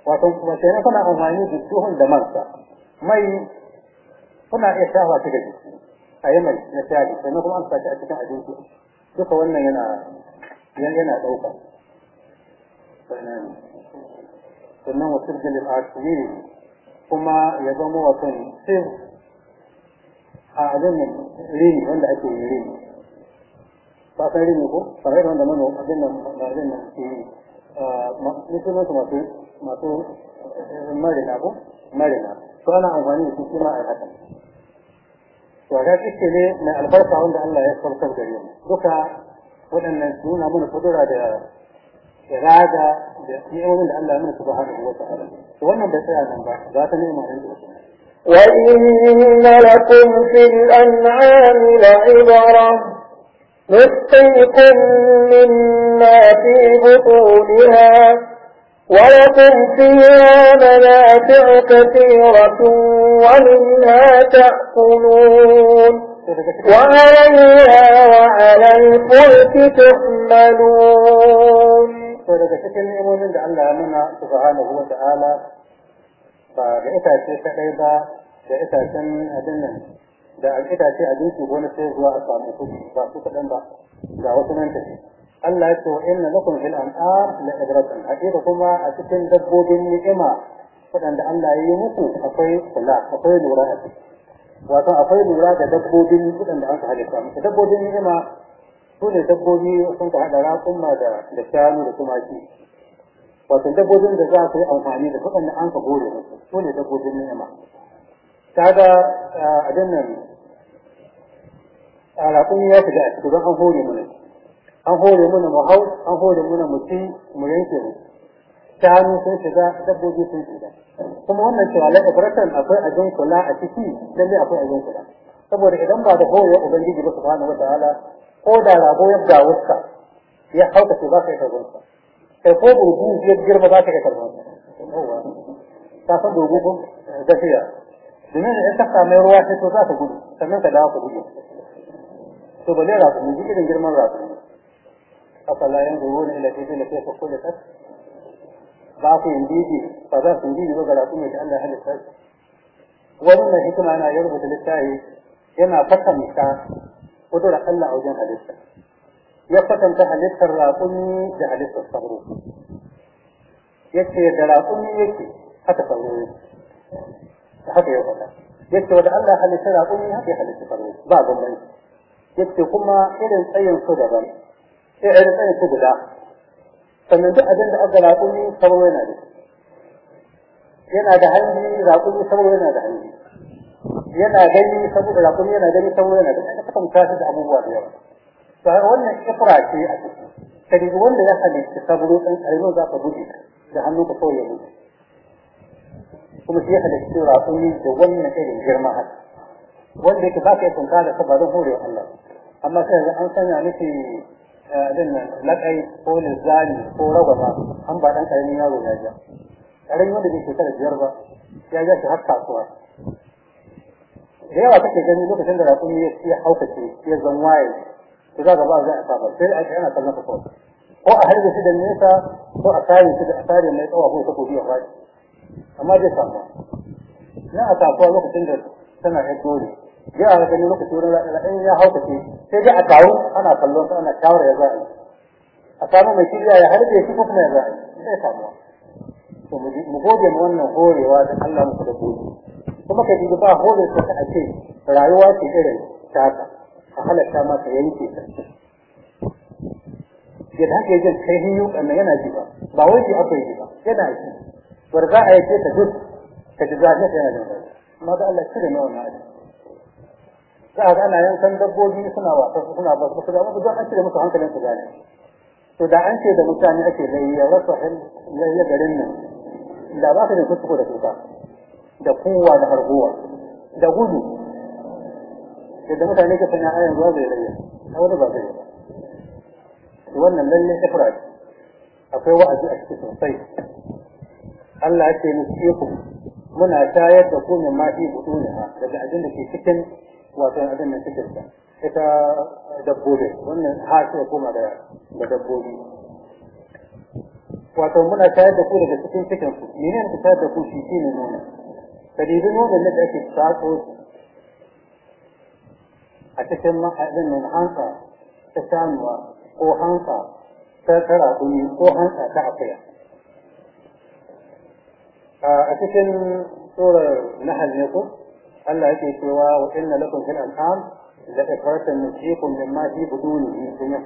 wato kuma sai kana amfani da tuhun da man sa mai kuna iya shafa ta gaji a yi mai na shafi sai kuma an sa a cikin abinci duka wannan yana yana ɗauka. Thank sannan wa sirrin al-asimin kuma ya zama watan sir a abin nan rini wanda ake yi rini ba san rini ko ba ka wanda mano abin nan ba abin nan ke yi ne sunan su masu masu eh, marina ko marina to ana amfani da su kuma a hakan haka ga kike ne mai albarka wanda Allah ya farkar gare mu duka waɗannan suna mana fudura da irada وإن لكم في الأنعام لعبرة نسقيكم مما في بطونها ولكم فيها منافع كثيرة ومنها تأكلون وعليها وعلى الفلك تحملون to daga cikin ni'imomin da Allah ya nuna subhanahu wa ta'ala ba ga itace kadai ba da itacen abin nan da itace a jinki gona sai zuwa a samu kuɗi ba su kaɗan ba ga wasu nan tafi Allah ya ce wa inna lakum fil an'am la ibratan hakika kuma a cikin dabbobin ni'ima waɗanda Allah ya yi muku akwai kula akwai lura a ciki wato akwai lura da dabbobin waɗanda an halitta muku dabbobin ni'ima su ne dabbobi sun ka haɗa raƙumma da da shanu da tumaki wato dabbobin da za su yi amfani da da an ka gore musu su ne dabbobin ni'ima kaga abin nan raƙumi ya shiga a ciki don an hore mana an hore mana mu hau an hore mana mu ci mu yanke mu shanu sun shiga dabbobi sun shiga kuma wannan cewa la ibratan akwai abin kula a ciki ne akwai abin kula saboda idan ba da hore ubangiji ba subhanahu wataala ko da rago ya gawurka ya hauka to ba ka yi karbansa Sai ko dogo ya girma za ka yi karbansa ta san dogo ko eh, gafiya domin in ta samu ruwa sai to za ka gudu sannan ka dawo ka gudu to ba bale rago mun ji irin girman rago afala yan gurur ila kayfa la kayfa khuliqat ba ku indiji ba za ku indiji ba ga rago mai Allah halitta wannan hikima na da littafi yana fakanta kudura Allah a wajen halitta ya kwatanta halittar raƙumi da halittar sauro yace da raƙumi yake haka sauro yake haka ya faɗa yace wanda Allah halitta raƙumi haka ya halitta sauro ba bambanci yace kuma irin tsayin su daban irin tsayin su guda sannan duk abin da aka raƙumi sauro yana da yana da hanji raƙumi sauro yana da hanji yana gani saboda rakun yana gani saboda yana gani ka kamta shi da abubuwa da yawa to wannan ikra ce a ciki kadi wanda ya halitta saburo dan karino za ka buɗe da hannu ka kawai ya buɗe kuma shi ya halitta rakun da wannan irin girma haka wanda yake ba ka yi kunta da sabarin hore Allah amma sai da an sanya miki din eh, nan laƙai ko lizali ko ragwama an ba dan karamin yaro ya ja karamin wanda bai shekara biyar ba ya ja shi har kasuwa da yawa take gani lokacin da raƙumi ya ya haukace ya zanwaye to za ka ba za a saba sai a kana kallon ka ko a harbe shi da nesa ko a kare shi da asare mai tsawa ko ta kodiya ba amma zai samu na a tafuwa lokacin da tana ya dole ya a gani lokacin da la'ayin ya haukace sai dai a taru ana kallon ka ana shawara ya za'a a samu mai shirya ya harbe shi ko kuma ya za'a sai samuwa to mu gode mu wannan horewa da Allah muku da gobe kuma ka duba hore ka a ce rayuwa ce irin taka a halatta ma ta yanke ta ya da ke jin kai hin yuka yana ji ba ba wai ji akwai ji ba yana ji war za a yake ta duk ta ji ta yana da amma da Allah cire nawa na za a ga ana yankan dabbobi suna wasa suna ba su da ba don a cire musu hankalin su gane to da an ce da mutane ake da ya rasa hin ya garin nan da ba ka da kuskure da kuka da kowa da harbuwa da gudu da mutane ka sanya ayan zuwa zai rage a wani ba zai ba wannan lalle ifrat akwai wa'azi a cikin sosai Allah ya ce ni ku muna tayar da ku min ma'i budunha daga abin da ke cikin wato abin da cikin ta ita dabbobi wannan hasu ya koma da da dabbobi wato muna tayar da ku daga cikin cikin ku menene ta tayar da ku shi ne nuna તરીબનો એટલે 10 સાત હોય أتكلم هذا من عنصر تسامر وعنصر تتراكمي وعنصر تعطية أتكلم سورة نحل يقول الله يكي سوا وإن لكم في الأنعام لإفرة نسيق مما في بدونه من سنة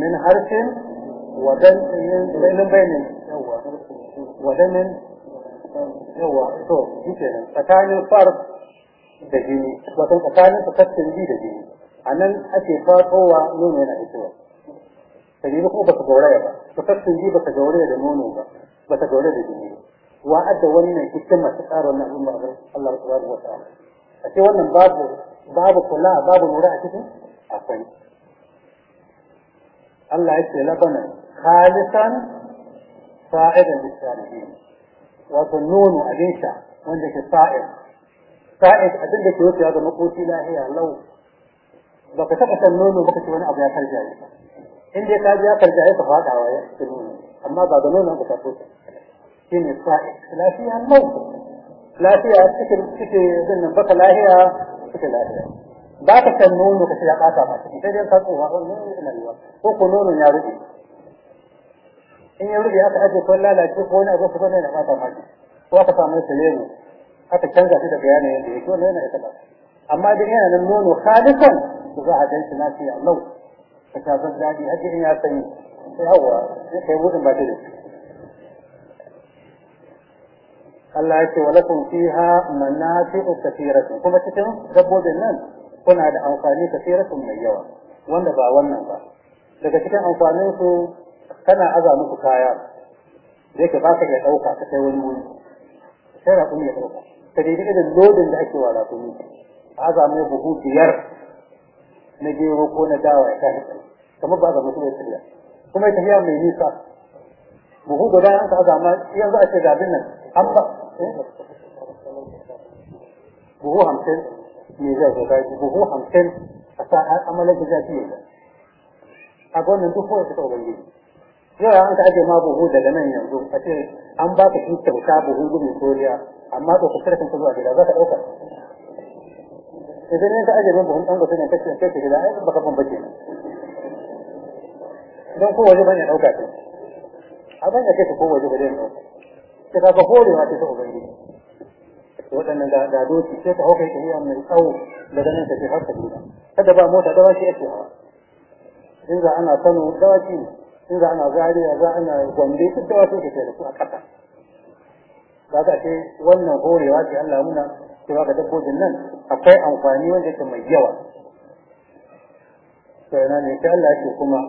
من حرف ودم من بين ودم yawa to yake nan tsakanin farz da jini wato tsakanin fakatin ji da jini a nan ake fatowa nono yana fitowa jini ko ba ta gauraya ba fakatin ji ba ta gauraya da nono ba ba ta gauraya da jini wa adda wannan hikima ta tsara wannan al'umma Allah subhanahu wa ta'ala a ce wannan babu babu kula babu lura a cikin akwai Allah ya ce labana khalisan sa'idan lisalihin وظنون أبيشة وعندك الصائد صائد أبنك يوتي هذا مقوش إلهي لو بقى تقص النون وبقى تبنى أبيا فالجاية عندي تاجيا فالجاية فهذا هو يحسنون أما بعد النون أنت تقص كين الصائد لا فيها لو لا فيها تكي تكي ذن بقى لا هي تكي لا هي بقى تقص النون وكسي يقاطع ما تكي تجي أنت تقوها هو النون يا رجل in ya rufe aka ajiye ko lalace ko wani abu ko ne na fata maki ko aka samu shi lemu aka canza shi daga yanayin da yake wannan yana ita ba amma idan yana nan nono khalisan su za a gan shi lafiya lau ka tafar daɗi har in ya sanyi sai hawa sai kai buɗin ba ta da Allah ya ce wa lakum fiha manafi'u kathiratun kuma cikin dabbobin nan kuna da amfani kathiratun mai yawa wanda ba wannan ba daga cikin amfanin su kana aza muku kaya zai ka baka da dauka ka kai wani wuri sai ra kuma ya dauka ta dai da lodin da ake wala kuma aza mai buhu biyar na gero ko na dawa ya kai kamar ba za mu ya tsaya kuma ya tafiya mai nisa buhu guda an ka aza ma yanzu a ce bin nan an ba buhu hamsin ne zai zo da buhu hamsin a sa amalar da zai yi a gonan duk wanda ta ubangiji yau an ka ajiye ma buhu daga nan yanzu a ce an ba ka shi kyauta buhu gudun koriya amma to kusa da kanka zuwa gida za ka ɗauka idan yanka ajiye ma buhun ɗan gwasa ne kake kake gida ai baka bambace don kowace ban ya ɗauka a ban da ka kowace ba zai ɗauka ta kaga horewa ce ta ubangiji waɗannan ga doki sai ka hauka tafiya mai tsawo daga nan ka ce har ka gida kada ba mota dawaki ake hawa in za ana kano dawaki ne in za ana zariya za ana gombe duk da wasu da su a ba za ce wannan horewa ce Allah muna ba ga dabbobin nan akwai amfani wanda yake mai yawa sai na ne ta Allah ce kuma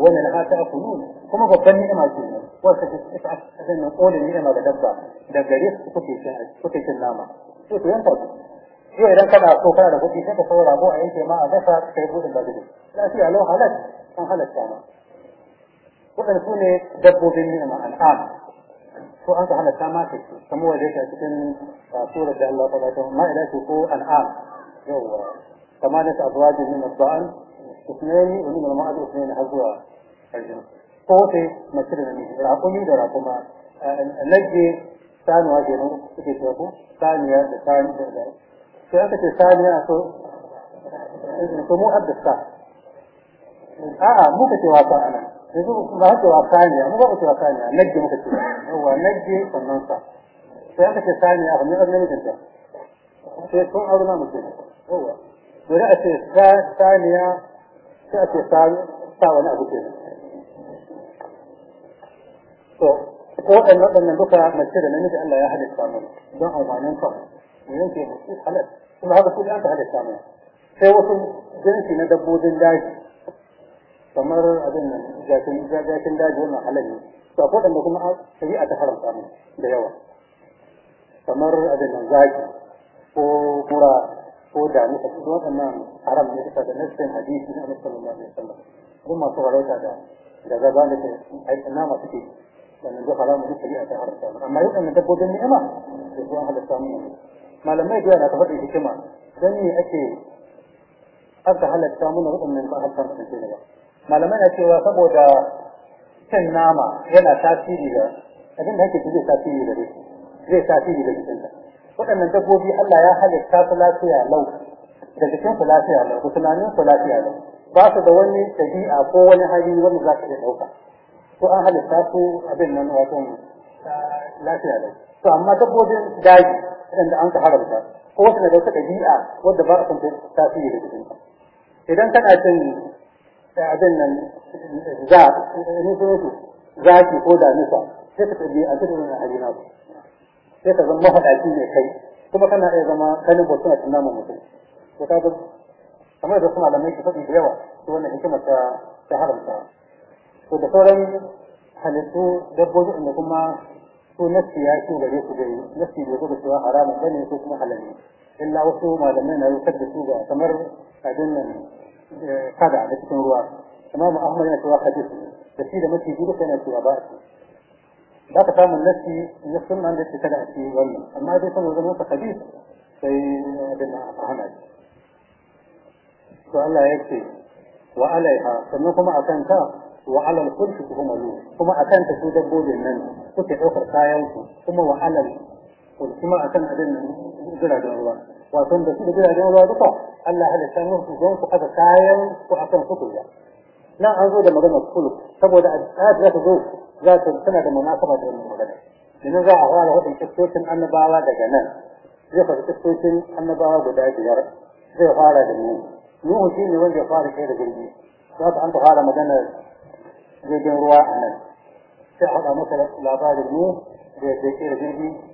wannan ha ta nuna kuma babban ni'ima ce wanda take cikin nan kole ni'ima ga dabba da gare su kuke cin kuke nama to to yanka yau idan kana so kana da kuɗi sai ka saura ko a yanke ma a gasa kai budin bazuri lafiya lau halal an halatta ma waɗanda su ne dabbobin ni'ima al'ada ko an ka halatta ma ce kamar wanda yake a cikin surar da Allah ta ma'ida ce ko al'ada yawwa kamar da azwajin min asba'an اثنين ومن المعاد اثنين هزوا الجنة صوتي مسيرنا منه العقومي ده رقما لجي ثاني واجهنا كيف يقول ثانية ثانية سيأتي ثانية سمو أبدا الساعة آه مو كتواصل أنا yanzu ba ba ku muka ce yawa sannan sa sai aka ce sai yawa dole a ce saniya sai a ce sa wani abu ke to ko duka mace da namiji Allah ya halitta don amfanin mu yanke mu kuma haka halitta sai wasu jinsi na dabbobin daji kamar abin nan jakin jakin daji wannan halal ne to akwai wanda kuma ta haramta mu da yawa kamar abin nan zaki ko kura ko da muka ci haram ne da nassin hadisi na Annabi sallallahu alaihi wasallam kuma masu warauta da da zaba da na nama suke wannan duk haramun duk shari'a ta haramta amma yau dabbobin ni'ima da su an halatta mu malamai da na ta faɗi hikima dan ne ake aka halatta mu na waɗannan ba halatta mu ba malamai na cewa saboda cin nama yana tasiri da abin da ake ci zai tasiri da shi zai tasiri da ta waɗannan dabbobi Allah ya halitta su lafiya lau da jikin su lafiya lau da tunanin su lafiya lau ba su da wani tabi'a ko wani hali wanda za su iya ɗauka ko an halitta su abin nan wato lafiya lau to amma dabbobin daji waɗanda an ka haramta ko wasu na da wata ɗabi'a wadda ba a san tasiri da ta idan kana cin Eh, abin nan za ni za ki ko da nufa sai ka tabi a cikin wannan hali nasu sai ka zama mafaɗaci ne kai kuma kana iya zama kanin botun a tunan mutum to ka kamar da suna malamai ke faɗi da yawa to wannan hikimar ta ta haramta to da sauran halittu dabbobi inda kuma su nasi ya ce gare su dai nasi bai zo da cewa haramun bane ko kuma halal illa wasu malamai na yi da su ba kamar abin nan kada eh, da cikin ruwa mu ahmad yana cewa hadis da shi da mafi gudu kana cewa ba da ka samu nasi na sunna da ke kada a cikin wannan amma dai kuma zama ka hadis sai da eh, na hana to Allah ya ce wa alaiha sannan kuma akan ka wa alal kulli kuma kuma akan ta su dabbobin nan suke daukar kayan su kuma wa alal والجماعة أدنى جرعة الله وأتم بسيطة جرعة الله بطا ألا هذا الشأن يهتم جنس وحفا كايا وحفا خطوية لا أنظر لما دمت كله سبو دا أدقات ذات ذوق ذات سنة دا مناسبة دا المدنة لأنه جاء أغوال هو من كفتوشن أن بعض دا جنان زي خد كفتوشن أن بعض دا جيار زي غالة دا نوه نوه شيء من وجه فارق هذا جريبي ذات عنده غالة مدنة زي جنروا أنا سأحضر مثلا لعباد النوه زي كير جريبي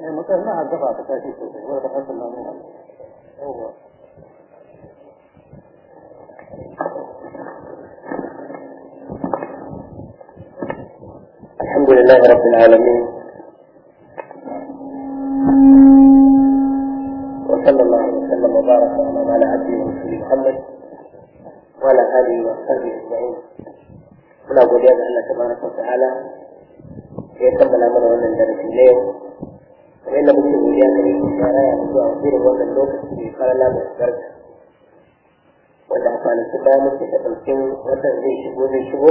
يعني ما تكاليف ولا هو الحمد لله رب العالمين وصلى الله وسلم وبارك على عبده ورسوله محمد وعلى اله وصحبه اجمعين ولا بد ان الله سبحانه وتعالى ta'ala ya kammala درس wannan kamar yadda muke godiya ga ne ya raya zuwa irin wannan lokaci da fara lamun barka wanda a kwanaki baya muke da ɗaukin watan zai shigo zai shigo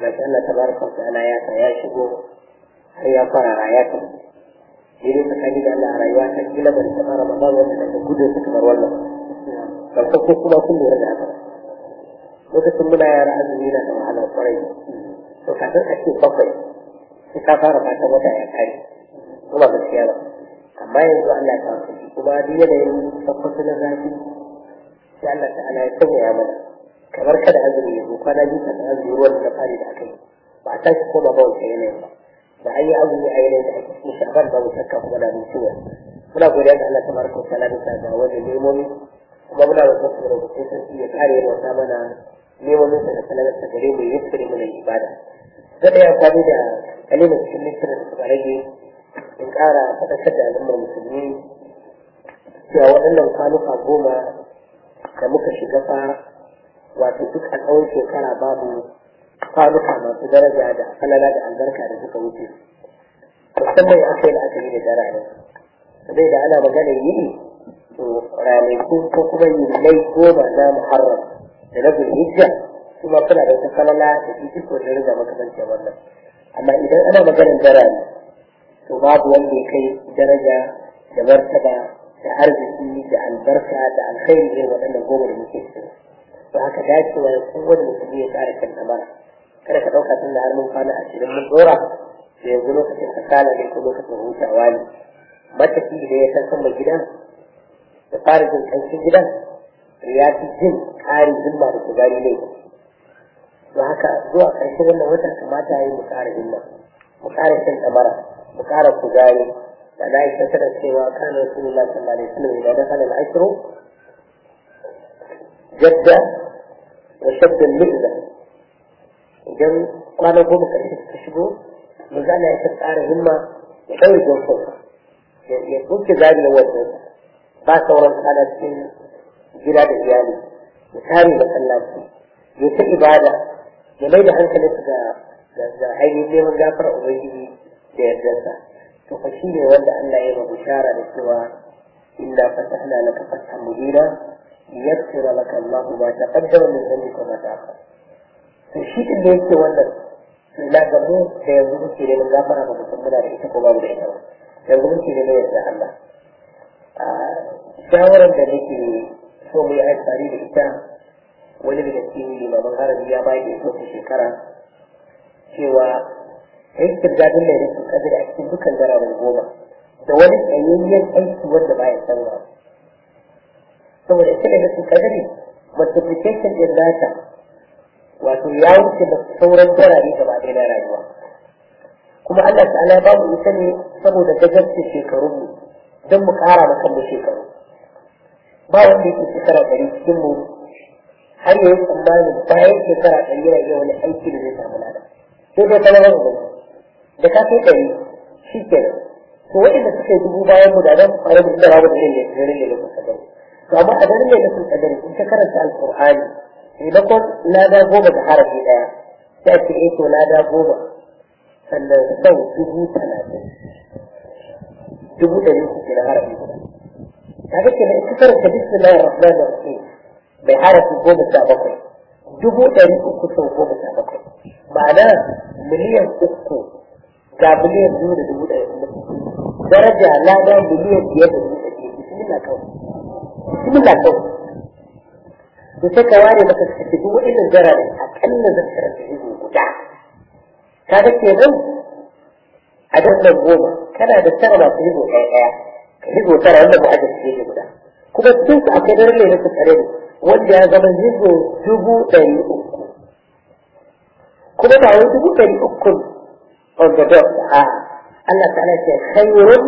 ga shi Allah tabaraka wa ta'ala ya sa ya shigo har ya fara raya ta irin tsakani da Allah a rayuwa ta kila ban taɓa ramadan wanda daga gudun su kamar wannan ba ko kuma kun lura da haka lokacin muna yara azumi na da wahalar kwarai to kafin a ce bakwai sai ka fara fatan wata ya kare kuma gaskiya ba amma yanzu Allah ya kawo kuma duk yanayin tabbata na zafi sai Allah ta ala ya sanya mana kamar kada azumi ya zo kwana biyu kada azumi ruwan da fari da aka yi ba a tashi ko ba ba wancan yanayin ba da an yi azumi a yanayin da ake cikin sha'ban babu shakka kuma da mutuwa muna godiya ga Allah tabaraka wa ta'ala bisa ga wannan nemomi kuma muna da wasu da rubutu sarki ya kare yin wata mana nemomin sa da salamarsa gare mu ya yi mana ibada. Zai da ya faru da kalimin cikin littafin da suka rage in ƙara faɗakar da al'ummar musulmi cewa waɗannan kwanuka goma da muka shiga fa wato duk a tsawon shekara babu kwanuka masu daraja da falala da albarka da suka wuce musamman ya kai la'akari da daraja zai da ana magana yi to ranaku ko kuma yi mai goma na muharram da na hijja kuma suna da wata falala da ita ko da riga makamancin wannan amma idan ana maganar daraja to babu wanda ya kai daraja da martaba da arziki da albarka da alkhairi irin waɗannan goma da muke so to haka dacewa wani musulmi ya ƙara kan tamara kada ka ɗauka tun da har mun kwana ashirin mun ɗora da yanzu lokacin kasala ne ko lokacin hutawa ne matafi da ya san sama gidan da fara jin ƙanshin gidan ya fi jin ƙarin himma da kuzari ne to haka zuwa ƙarshen wannan wata kamata ya yi mu ƙara himma mu ƙara shan tamara mu ƙara kuzari da na yi tattara cewa kan rasulullah sallallahu alaihi wasallam idan dakhala al-ashru jadda wa shadda al-mizza idan kwana goma karshe suka shigo mu zana ya ƙara himma ya ɗaure gonsa ya buke zari na wajen ba sauran kwana cikin gida da iyali ya kare masallaci ya ta ibada ya mai da hankalinsa ga ga ainihin neman gafara ubangiji da yardarsa to fa shi ne wanda Allah ya yi bishara da cewa inna fatahna laka fathan mubina liyaghfira laka Allahu ma taqaddama min dhanbika wa ma ta'akhkhara to shi din da yake wannan na ga mu da yanzu muke da mun gafara ba mutum muna da ita ko babu da ita yanzu muke da mai yarda Allah shawarar da nake so mu yi amfani da ita wani daga cikin limaman harabi ya bayar da shekara cewa istidadin mai rikin kadir a cikin dukkan zararen goma da wani tsayayyen aiki wanda ba ya san saboda ita da rikin kadiri multiplication din nata wato ya wuce da sauran zarare gaba ɗaya na rayuwa kuma Allah ta'ala ba mu ita ne saboda gajarci shekarun mu don mu ƙara ma kanmu shekaru ba wanda yake shekara ɗari cikin mu har yayi tsammanin bayan shekara ɗari yana iya wani aiki da zai samu lada sai dai kalarar da da ka kai ɗari shi ke nan to waɗanda suka yi dubu bayan mu da nan a rabin da rabin da ya rage da kusa gari to amma a garin da ya kusa gari in ka karanta alƙur'ani maimakon lada goma da harafi ɗaya sai a ce eh to lada goma sannan sau dubu talatin dubu ɗari uku ke na harafi guda kaga ke nan in ka karanta bismillahir rahmanir rahim bai harafi goma sha bakwai dubu ɗari uku sau goma sha bakwai ma'ana miliyan uku ga biliyan biyu da dubu daraja lada biliyan biyar da dubu ɗaya bismillah kawai bismillah kawai to ka ware maka ka ci dubu ɗaya zara akalla zan karanta ido guda ka ga ke nan a dandan goma kana da tara masu ido ɗaya ɗaya ka ido tara wanda ba a da shi guda kuma cikin su akwai dare ne na tsare ne wanda ya zama ido dubu ɗari uku kuma ba dubu ɗari uku of the death. Ah, Allah ta'ala ce khairun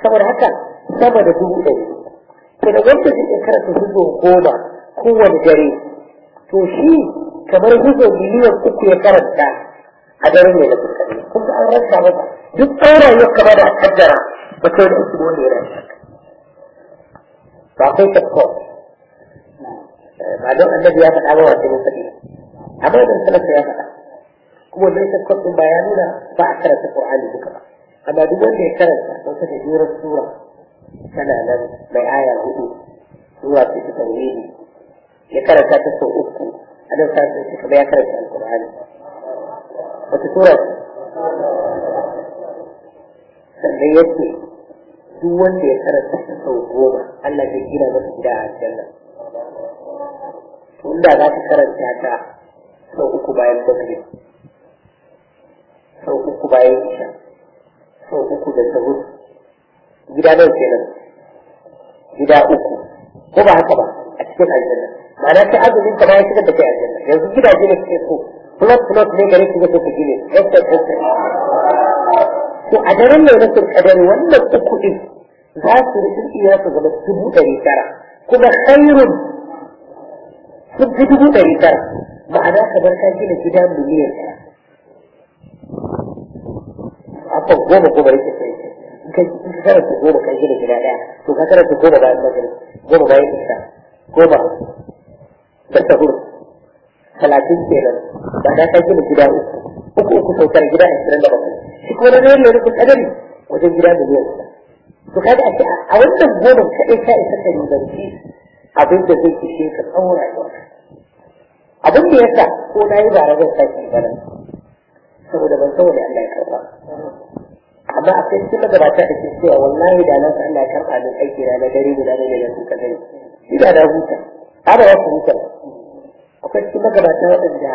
saboda haka sama da dubu ɗari to wanda zai karanta hujjo goma kowane dare to shi kamar hujjo miliyan uku ya karanta a daren ne na kuskure kun ga an rasa masa duk ɗaura ya kama da kaddara ba kai da aiki ba wanda ya rasa ba kai ta ko ba don annabi ya faɗa ba wa amma idan salasa ya faɗa wannan shakkar ɗin ba ya nuna ba a karanta Qur'ani duka ba amma duk wanda ya karanta wata da jerar sura tana nan mai aya hudu zuwa su ta tauhidi ya karanta ta sau uku a nan sa sai kuma ya karanta alqur'ani wata sura sannan yake duk wanda ya karanta ta sau goma Allah zai gina masa gida a aljanna to inda za ka karanta ta sau uku bayan bakwai sau uku bayan isha sau uku da sahur gida nan kenan gida uku ko ba haka ba a cikin aljanna ma'ana sai azumin ka ma ya shigar da kai aljanna yanzu gidaje ne suke so plot plot ne gare su ga so ku gine extra extra to a daren mai rasul kadari wannan uku din za su rikin iya su zama dubu ɗari tara kuma khairun sun fi dubu ɗari tara ma'ana kamar ka gina gida miliyan ɗaya takwas goma goma yake sai in ka ta goma kan gida gida ɗaya to ka ta goma bayan magrib goma bayan isha goma da sahur talatin kenan ba na kan gida gida uku uku uku sau tara gida ashirin da bakwai shi kuma na zai lori kadari wajen gida miliyan to kaga a ce a wannan goma kaɗai ka isa ka ribanci abin da zai kishe ka tsawon rayuwarka abin da ya sa ko na yi ba ragar sake bana saboda ban saboda Allah ya karɓa amma akwai suka gabata da ke cewa wallahi da nan Allah ya karɓa min aiki na dare guda da da suka kadai ina da huta ana ya su huta akwai cikin magabata waɗanda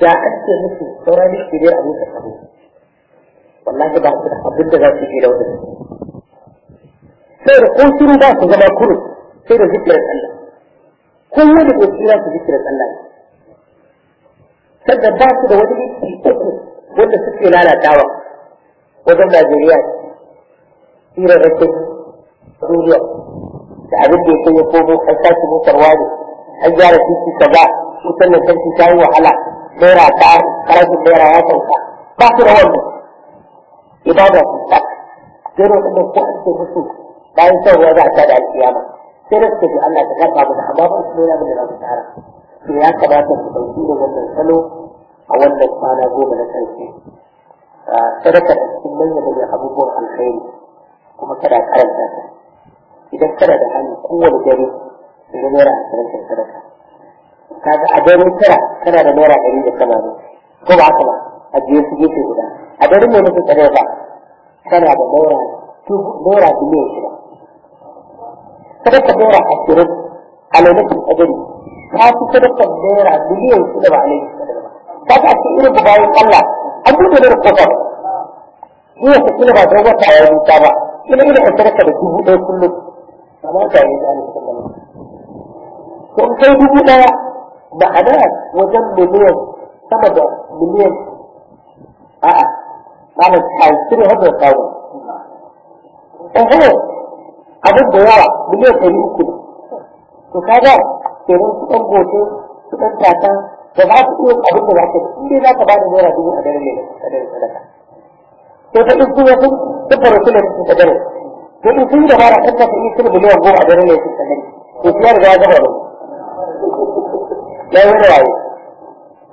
da an ce musu sauran ne a musu abu wallahi ba su da abin da za su yi da wani sai da ko ba su zama kuru sai da zikirin Allah kowa da ko shiru su zikirin Allah da ba su da wani iki wanda suke lalatawa wajen najeriya tsira da kai duniya da abin da ya kai komo an sace motarwa ne an gyara titi kaza wutar lantarki ta yi wahala naira ta farashin naira ya sauka ba su da wannan ibada su ta sai da wannan ko an ce musu bayan san ruwa za a tada alkiyama sai da suka ji Allah ta karɓa mu da amma ba su nuna mu da za su tara to ya kamata su ɗauki da wannan salo a wannan kwana goma na karshe sadaka da cikin bayyana abubuwan alkhairi kuma kada karanta ta idan kana da hali kowane dare da naira ashirin sadaka kaga a dare tara kana da naira ɗari da tamanin ko ba haka ba a biyu su gefe guda a dare mai mafi tsare ba kana da naira naira biliyan shida sadaka naira ashirin a lalacin tsagari ta fi sadaka naira biliyan shida ba a lalacin tsagari ba kaga a cikin irin bayan Allah an buɗe da kofar ni ya kuma ba da wata ya rubuta ba ina ina ka da dubu ɗaya kullum amma ta yi da kallon. Ko in kai dubu ɗaya ba a ma'ana wajen miliyan sama da miliyan a'a ba ma'ana kyautu ne hajjar kawo in hana abin da yawa miliyan ɗari uku to kaga kenan su ɗan gote su ɗan tata ba za ku iya abin da za ka in dai za ka ni naira dubu a dare ne a dare sadaka to ta in kun sun, ta fara kula da ta dare to in kun da bara kan ka yi sun miliyan goma a dare ne sun sanin to kuma da za ya gaba da ya wani rayu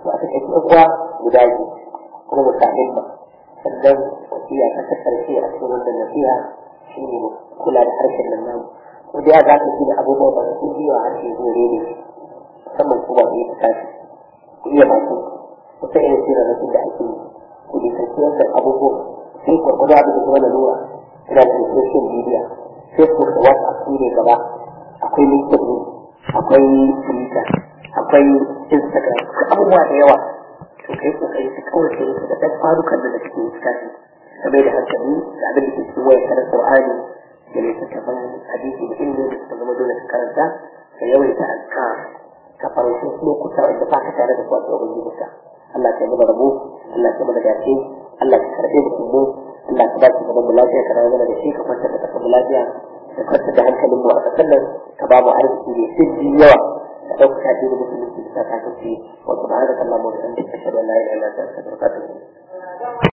ba aka kai uwa guda biyu kuma mutanen ba sannan tafiya ta ta karshe a cikin wannan nasiha shine kula da harshen nan namu ko da za ka ji da abubuwan da su biyo a harshe zai rere musamman kuma da ya fi tashi ku iya bakin kusa irin sirarrakin da ake yi ku nisanci abubuwa sai gwargwado abin da kuma lalura ina da social media facebook da whatsapp su ne gaba akwai linkedin akwai twitter akwai instagram ka abubuwa da yawa to kai kokari ka kaurace musu da ɗan farukan da suke tashi ka mai da hankali da abin da ke cikin wayar karar qur'ani da ta littattafan hadisi da inda da suka zama dole ka karanta ka yawaita azkar ka farauci lokuta wanda ba ka tare da su a tsoron Allah ka yi mana rabo Allah ka yi mana dace Allah ka karɓe mu kuma Allah ka ba ki gaban mu lafiya ka rawa mana da shi ka kwantar da ƙasar mu lafiya ka kwantar da hankalin mu a ƙasar nan ka ba mu arziki mai sirri yawa ka ɗauka ta da musulunci da ta kasance wa subhanaka allahumma wa bihamdika ta an la ilaha illa anta astaghfiruka wa atubu